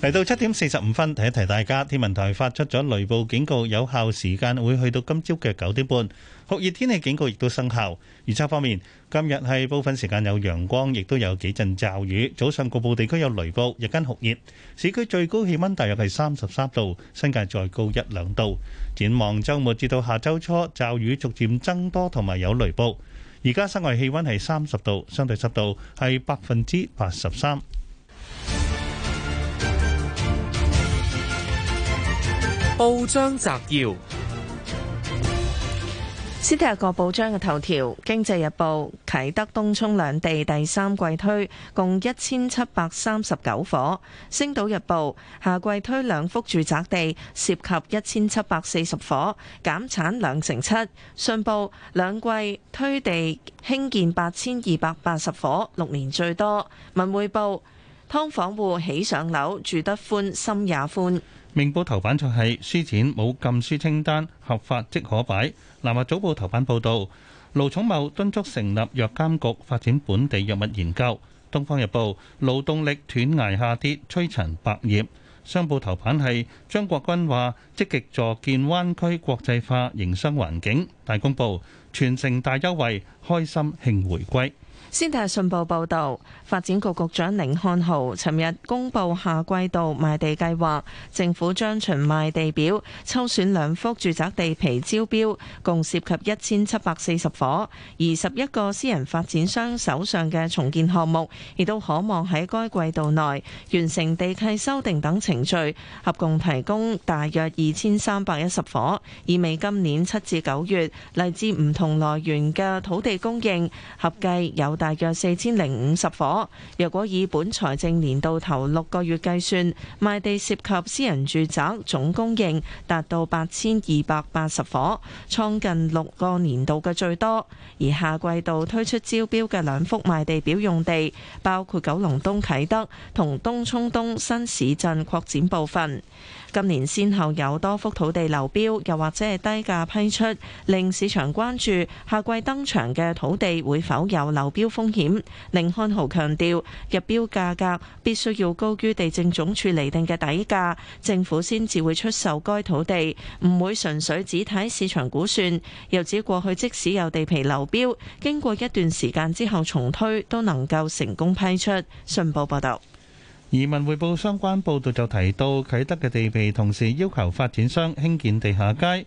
嚟到七點四十五分，提一提大家，天文台發出咗雷暴警告，有效時間會去到今朝嘅九點半。酷熱天氣警告亦都生效。預測方面，今日係部分時間有陽光，亦都有幾陣驟雨。早上局部地區有雷暴，日間酷熱。市區最高氣温大約係三十三度，新界再高一兩度。展望周末至到下周初，驟雨逐漸增多，同埋有雷暴。而家室外氣温係三十度，相對濕度係百分之八十三。報章摘要：先睇下個報章嘅頭條，《經濟日報》啟德、東涌兩地第三季推共一千七百三十九伙，《星島日報》下季推兩幅住宅地，涉及一千七百四十伙，減產兩成七，《信報》兩季推地興建八千二百八十伙，六年最多，《文匯報》劏房戶起上樓，住得寬，心也寬。明報頭版就係書展冇禁書清單，合法即可擺。南華早報頭版報導，盧寵茂敦促成立藥監局，發展本地藥物研究。《東方日報》勞動力斷崖下跌，摧塵白葉。商報頭版係張國軍話：積極助建灣區國際化營商環境。大公報全城大優惠，開心慶回歸。先睇下信報報道。發展局局長寧漢豪尋日公布下季度賣地計劃，政府將循賣地表抽選兩幅住宅地皮招標，共涉及一千七百四十伙。而十一個私人發展商手上嘅重建項目，亦都可望喺該季度內完成地契修訂等程序，合共提供大約二千三百一十伙，意味今年七至九月嚟自唔同來源嘅土地供應合計有大約四千零五十伙。若果以本財政年度頭六個月計算，賣地涉及私人住宅總供應達到八千二百八十伙，創近六個年度嘅最多。而下季度推出招標嘅兩幅賣地表用地，包括九龍東啟德同東涌東新市鎮擴展部分。今年先後有多幅土地流標又或者係低價批出，令市場關注下季登場嘅土地會否有流標風險，甯漢豪強調入標價格必須要高於地政總署厘定嘅底價，政府先至會出售該土地，唔會純粹只睇市場估算。又指過去即使有地皮流標，經過一段時間之後重推，都能夠成功批出。信報報道。《移民匯報》相關報導就提到，啟德嘅地皮同時要求發展商興建地下街，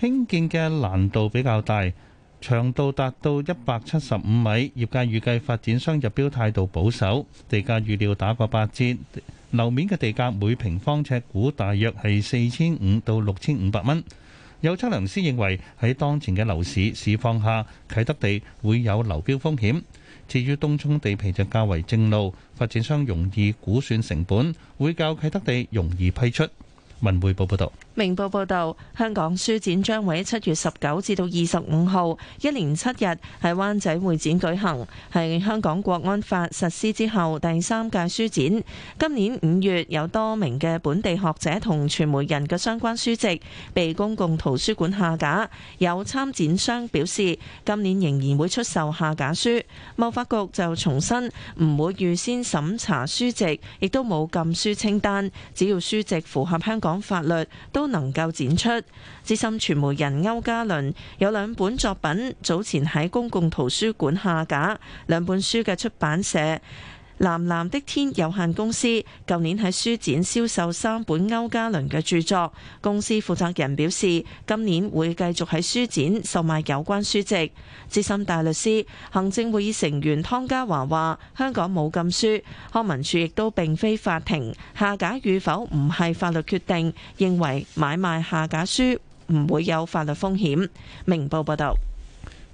興建嘅難度比較大，長度達到一百七十五米。業界預計發展商入標態度保守，地價預料打過八折。樓面嘅地價每平方尺估大約係四千五到六千五百蚊。有測量師認為喺當前嘅樓市市況下，啟德地會有流標風險。至於東涌地皮就較為正路，發展商容易估算成本，會較啟德地容易批出。文匯報報導。明報報道，香港書展將會喺七月十九至到二十五號一連七日喺灣仔會展舉行，係香港國安法實施之後第三屆書展。今年五月有多名嘅本地學者同傳媒人嘅相關書籍被公共圖書館下架，有參展商表示今年仍然會出售下架書，貿發局就重申唔會預先審查書籍，亦都冇禁書清單，只要書籍符合香港法律都。能夠展出。資深傳媒人歐嘉倫有兩本作品早前喺公共圖書館下架，兩本書嘅出版社，藍藍的天有限公司舊年喺書展銷售三本歐嘉倫嘅著作，公司負責人表示，今年會繼續喺書展售賣有關書籍。資深大律師、行政會議成員湯家驊話：香港冇禁書，康文署亦都並非法庭，下架與否唔係法律決定，認為買賣下架書唔會有法律風險。明報報道，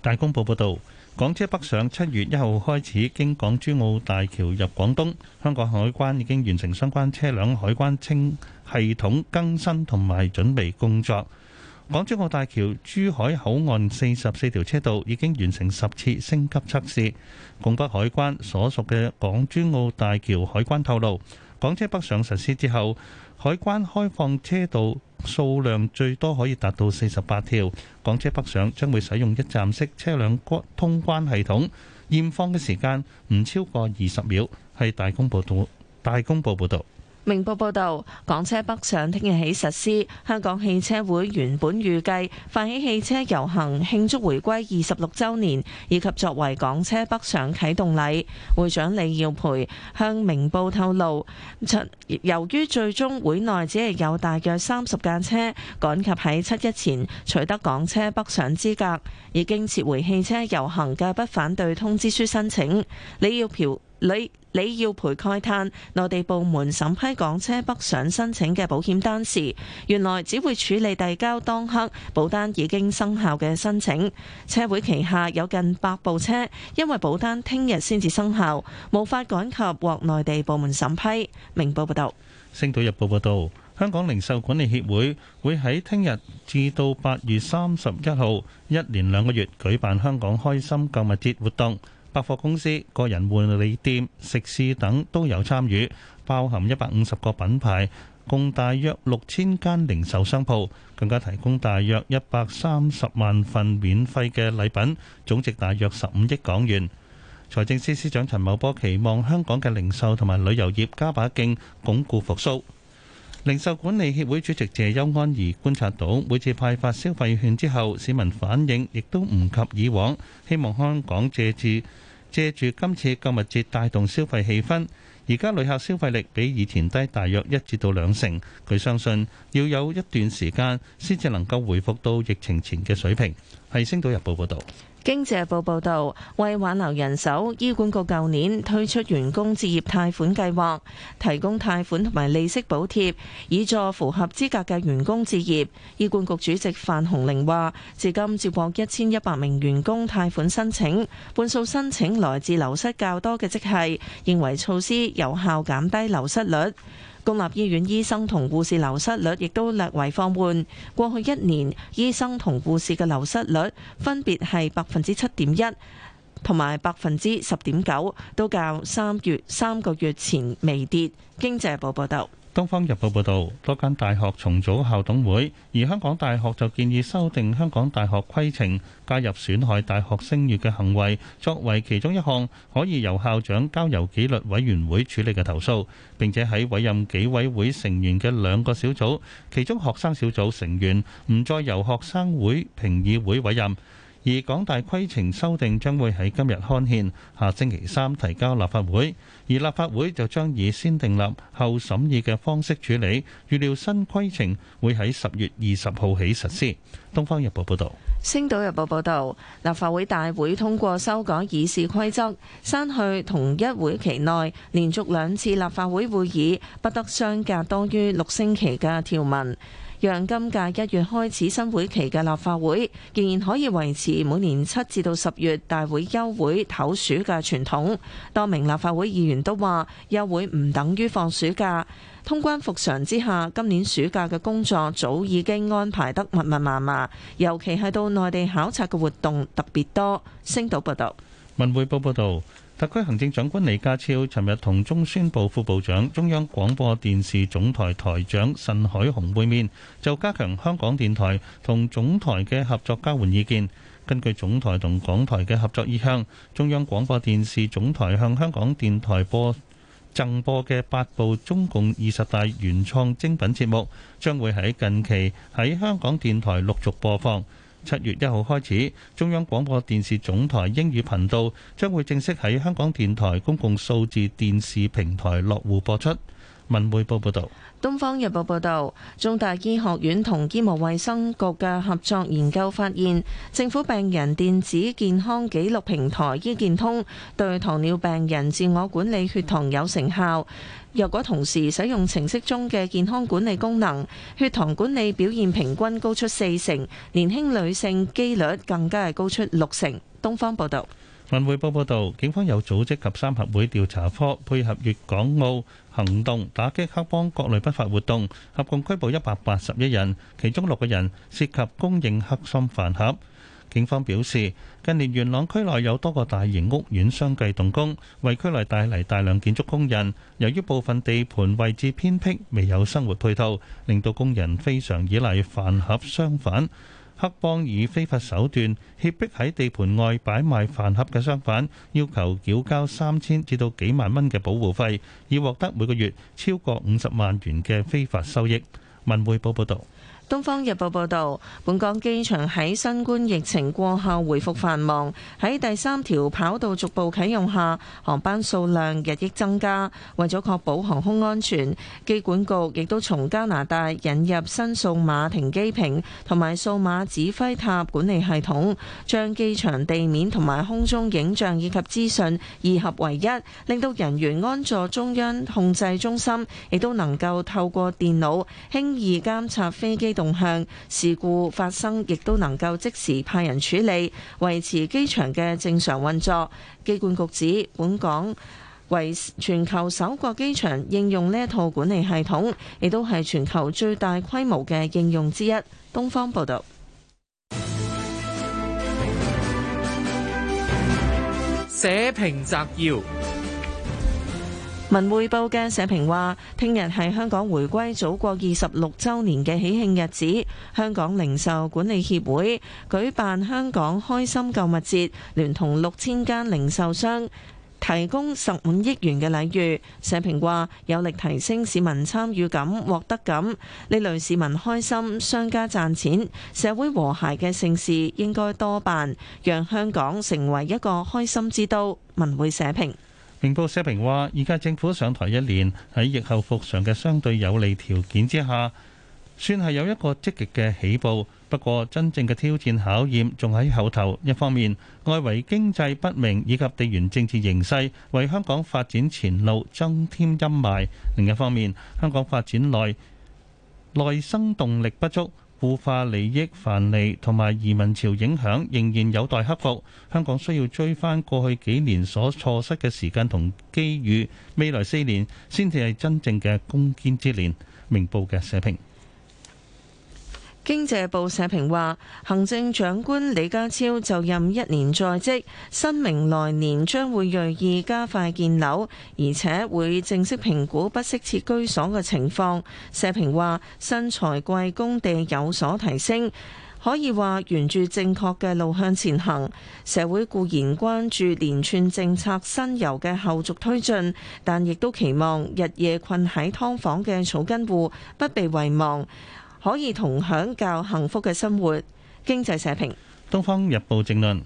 大公報報道。港車北上七月一號開始經港珠澳大橋入廣東，香港海關已經完成相關車輛海關清系統更新同埋準備工作。港珠澳大橋珠海口岸四十四條車道已經完成十次升級測試。拱北海關所屬嘅港珠澳大橋海關透露，港車北上實施之後。海關開放車道數量最多可以達到四十八條，港車北上將會使用一站式車輛通關系統，驗放嘅時間唔超過二十秒。係大公報道，大公報報道。明報報道，港車北上聽日起實施。香港汽車會原本預計發起汽車遊行慶祝回歸二十六周年，以及作為港車北上啟動禮。會長李耀培向明報透露，由於最終會內只係有大約三十架車趕及喺七一前取得港車北上資格，已經撤回汽車遊行嘅不反對通知書申請。李耀培李。李耀培慨嘆，內地部門審批港車北上申請嘅保險單時，原來只會處理遞交當刻保單已經生效嘅申請。車會旗下有近百部車，因為保單聽日先至生效，無法趕及獲內地部門審批。明報報導。《星島日報》報導，香港零售管理協會會喺聽日至到八月三十一號一連兩個月舉辦香港開心購物節活動。百貨公司、個人護理店、食肆等都有參與，包含一百五十個品牌，共大約六千間零售商鋪，更加提供大約一百三十萬份免費嘅禮品，總值大約十五億港元。財政司司長陳茂波期望香港嘅零售同埋旅遊業加把勁，鞏固復蘇。零售管理協會主席謝邱安怡觀察到，每次派發消費券之後，市民反應亦都唔及以往。希望香港借住藉住今次購物節帶動消費氣氛。而家旅客消費力比以前低大約一至到兩成。佢相信要有一段時間先至能夠回復到疫情前嘅水平。係《星島日報》報道。經濟日報報道，為挽留人手，醫管局舊年推出員工置業貸款計劃，提供貸款同埋利息補貼，以助符合資格嘅員工置業。醫管局主席范鴻齡話，至今接獲一千一百名員工貸款申請，半數申請來自流失較多嘅職系，認為措施有效減低流失率。公立醫院醫生同護士流失率亦都略為放緩。過去一年，醫生同護士嘅流失率分別係百分之七點一同埋百分之十點九，都較三月三個月前微跌。經濟報報導。《東方日報》報道，多間大學重組校董會，而香港大學就建議修訂《香港大學規程》，加入損害大學聲譽嘅行為作為其中一項，可以由校長交由紀律委員會處理嘅投訴。並且喺委任紀委會成員嘅兩個小組，其中學生小組成員唔再由學生會評議會委任。而港大規程修訂將會喺今日刊憲，下星期三提交立法會，而立法會就將以先訂立後審議嘅方式處理。預料新規程會喺十月二十號起實施。《東方日報》報道，《星島日報》報道，立法會大會通過修改議事規則，刪去同一會期內連續兩次立法會會議不得相隔多於六星期嘅條文。讓今屆一月開始新會期嘅立法會仍然可以維持每年七至到十月大會休會、唞暑嘅傳統。多名立法會議員都話，休會唔等於放暑假。通關復常之下，今年暑假嘅工作早已經安排得密密麻麻，尤其係到內地考察嘅活動特別多。星島報道，文匯報報道。特區行政長官李家超尋日同中宣部副部長、中央廣播電視總台台長慎海雄會面，就加強香港電台同總台嘅合作交換意見。根據總台同港台嘅合作意向，中央廣播電視總台向香港電台播贈播嘅八部中共二十大原創精品節目，將會喺近期喺香港電台陸續播放。七月一號開始，中央廣播電視總台英語頻道將會正式喺香港電台公共數字電視平台落戶播出。文匯報報道，東方日報報道，中大醫學院同醫務衛生局嘅合作研究發現，政府病人電子健康記錄平台醫健通對糖尿病人自我管理血糖有成效。若果同時使用程式中嘅健康管理功能，血糖管理表現平均高出四成，年輕女性幾率更加係高出六成。東方報道。文匯報報道，警方有組織及三合會調查科配合粵港澳行動打擊黑幫各類不法活動，合共拘捕一百八十一人，其中六個人涉及供應黑心飯盒。警方表示，近年元朗區內有多個大型屋苑相繼動工，為區內帶嚟大量建築工人。由於部分地盤位置偏僻，未有生活配套，令到工人非常依賴飯盒商販。黑幫以非法手段脅迫喺地盤外擺賣飯盒嘅商販，要求繳交三千至到幾萬蚊嘅保護費，以獲得每個月超過五十萬元嘅非法收益。文匯報報道。東方日報報道，本港機場喺新冠疫情過後回復繁忙，在第三條跑道逐步啟用下，航班數量日益增加。為咗確保航空安全，機管局亦都從加拿大引入新數碼停機坪同埋數碼指揮塔管理系統，將機場地面同埋空中影像以及資訊二合為一，令到人員安坐中央控制中心，亦都能夠透過電腦輕易監察飛機。動向，事故發生亦都能夠即時派人處理，維持機場嘅正常運作。機管局指，本港為全球首個機場應用呢一套管理系統，亦都係全球最大規模嘅應用之一。東方報道。社評摘要。文匯報嘅社評話，聽日係香港回歸祖國二十六週年嘅喜慶日子，香港零售管理協會舉辦香港開心購物節，聯同六千間零售商提供十五億元嘅禮遇。社評話，有力提升市民參與感、獲得感，呢類市民開心、商家賺錢、社會和諧嘅盛事應該多辦，讓香港成為一個開心之都。文匯社評。明報社評話，而家政府上台一年，喺疫後復常嘅相對有利條件之下，算係有一個積極嘅起步。不過真正嘅挑戰考驗仲喺後頭，一方面，外圍經濟不明以及地緣政治形勢為香港發展前路增添陰霾；另一方面，香港發展內內生動力不足。固化利益、繁利同埋移民潮影響仍然有待克服，香港需要追翻過去幾年所錯失嘅時間同機遇，未來四年先至係真正嘅攻堅之年。明報嘅社評。《經濟報》社評話，行政長官李家超就任一年在職，申明來年將會銳意加快建樓，而且會正式評估不適切居所嘅情況。社評話，新財季供地有所提升，可以話沿住正確嘅路向前行。社會固然關注連串政策新猷嘅後續推進，但亦都期望日夜困喺㓥房嘅草根戶不被遺忘。可以同享較幸福嘅生活，經濟社評。東方日報正論，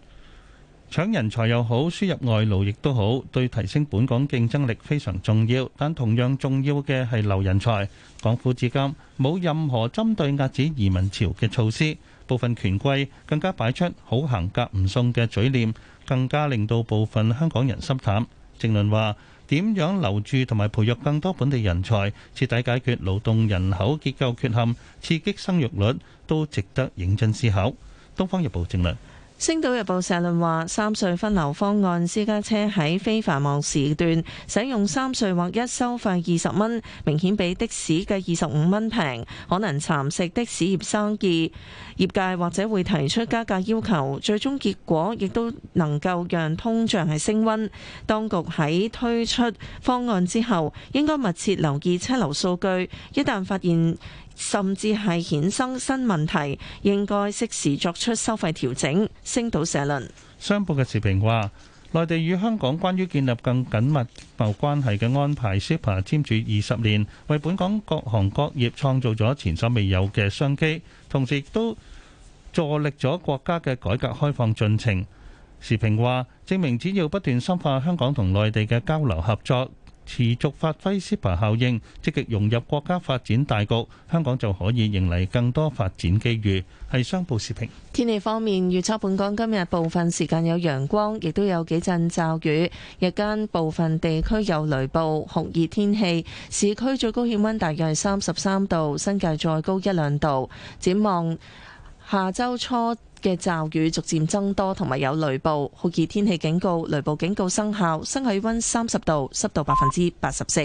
搶人才又好，輸入外勞亦都好，對提升本港競爭力非常重要。但同樣重要嘅係留人才。港府至今冇任何針對遏止移民潮嘅措施，部分權貴更加擺出好行夾唔送嘅嘴臉，更加令到部分香港人心淡。正論話。點樣留住同埋培育更多本地人才，徹底解決勞動人口結構缺陷，刺激生育率，都值得認真思考。《東方日報》正論。星島日報社論話，三隧分流方案私家車喺非繁忙時段使用三隧或一收費二十蚊，明顯比的士嘅二十五蚊平，可能蠶食的士業生意。業界或者會提出加價要求，最終結果亦都能夠讓通脹係升温。當局喺推出方案之後，應該密切留意車流數據，一旦發現。甚至係衍生新問題，應該適時作出收費調整，星島社論。商報嘅時評話，內地與香港關於建立更緊密貿易關係嘅安排 SIPA 簽署二十年，為本港各行各業創造咗前所未有的商機，同時亦都助力咗國家嘅改革開放進程。時評話，證明只要不斷深化香港同內地嘅交流合作。持續發揮 CIPA 效應，積極融入國家發展大局，香港就可以迎嚟更多發展機遇。係商報視頻。天氣方面預測，本港今日部分時間有陽光，亦都有幾陣驟雨，日間部分地區有雷暴酷熱天氣。市區最高氣温大約係三十三度，新界再高一兩度。展望下周初，嘅驟雨逐漸增多，同埋有雷暴，酷熱天氣警告、雷暴警告生效。新氣温三十度，濕度百分之八十四。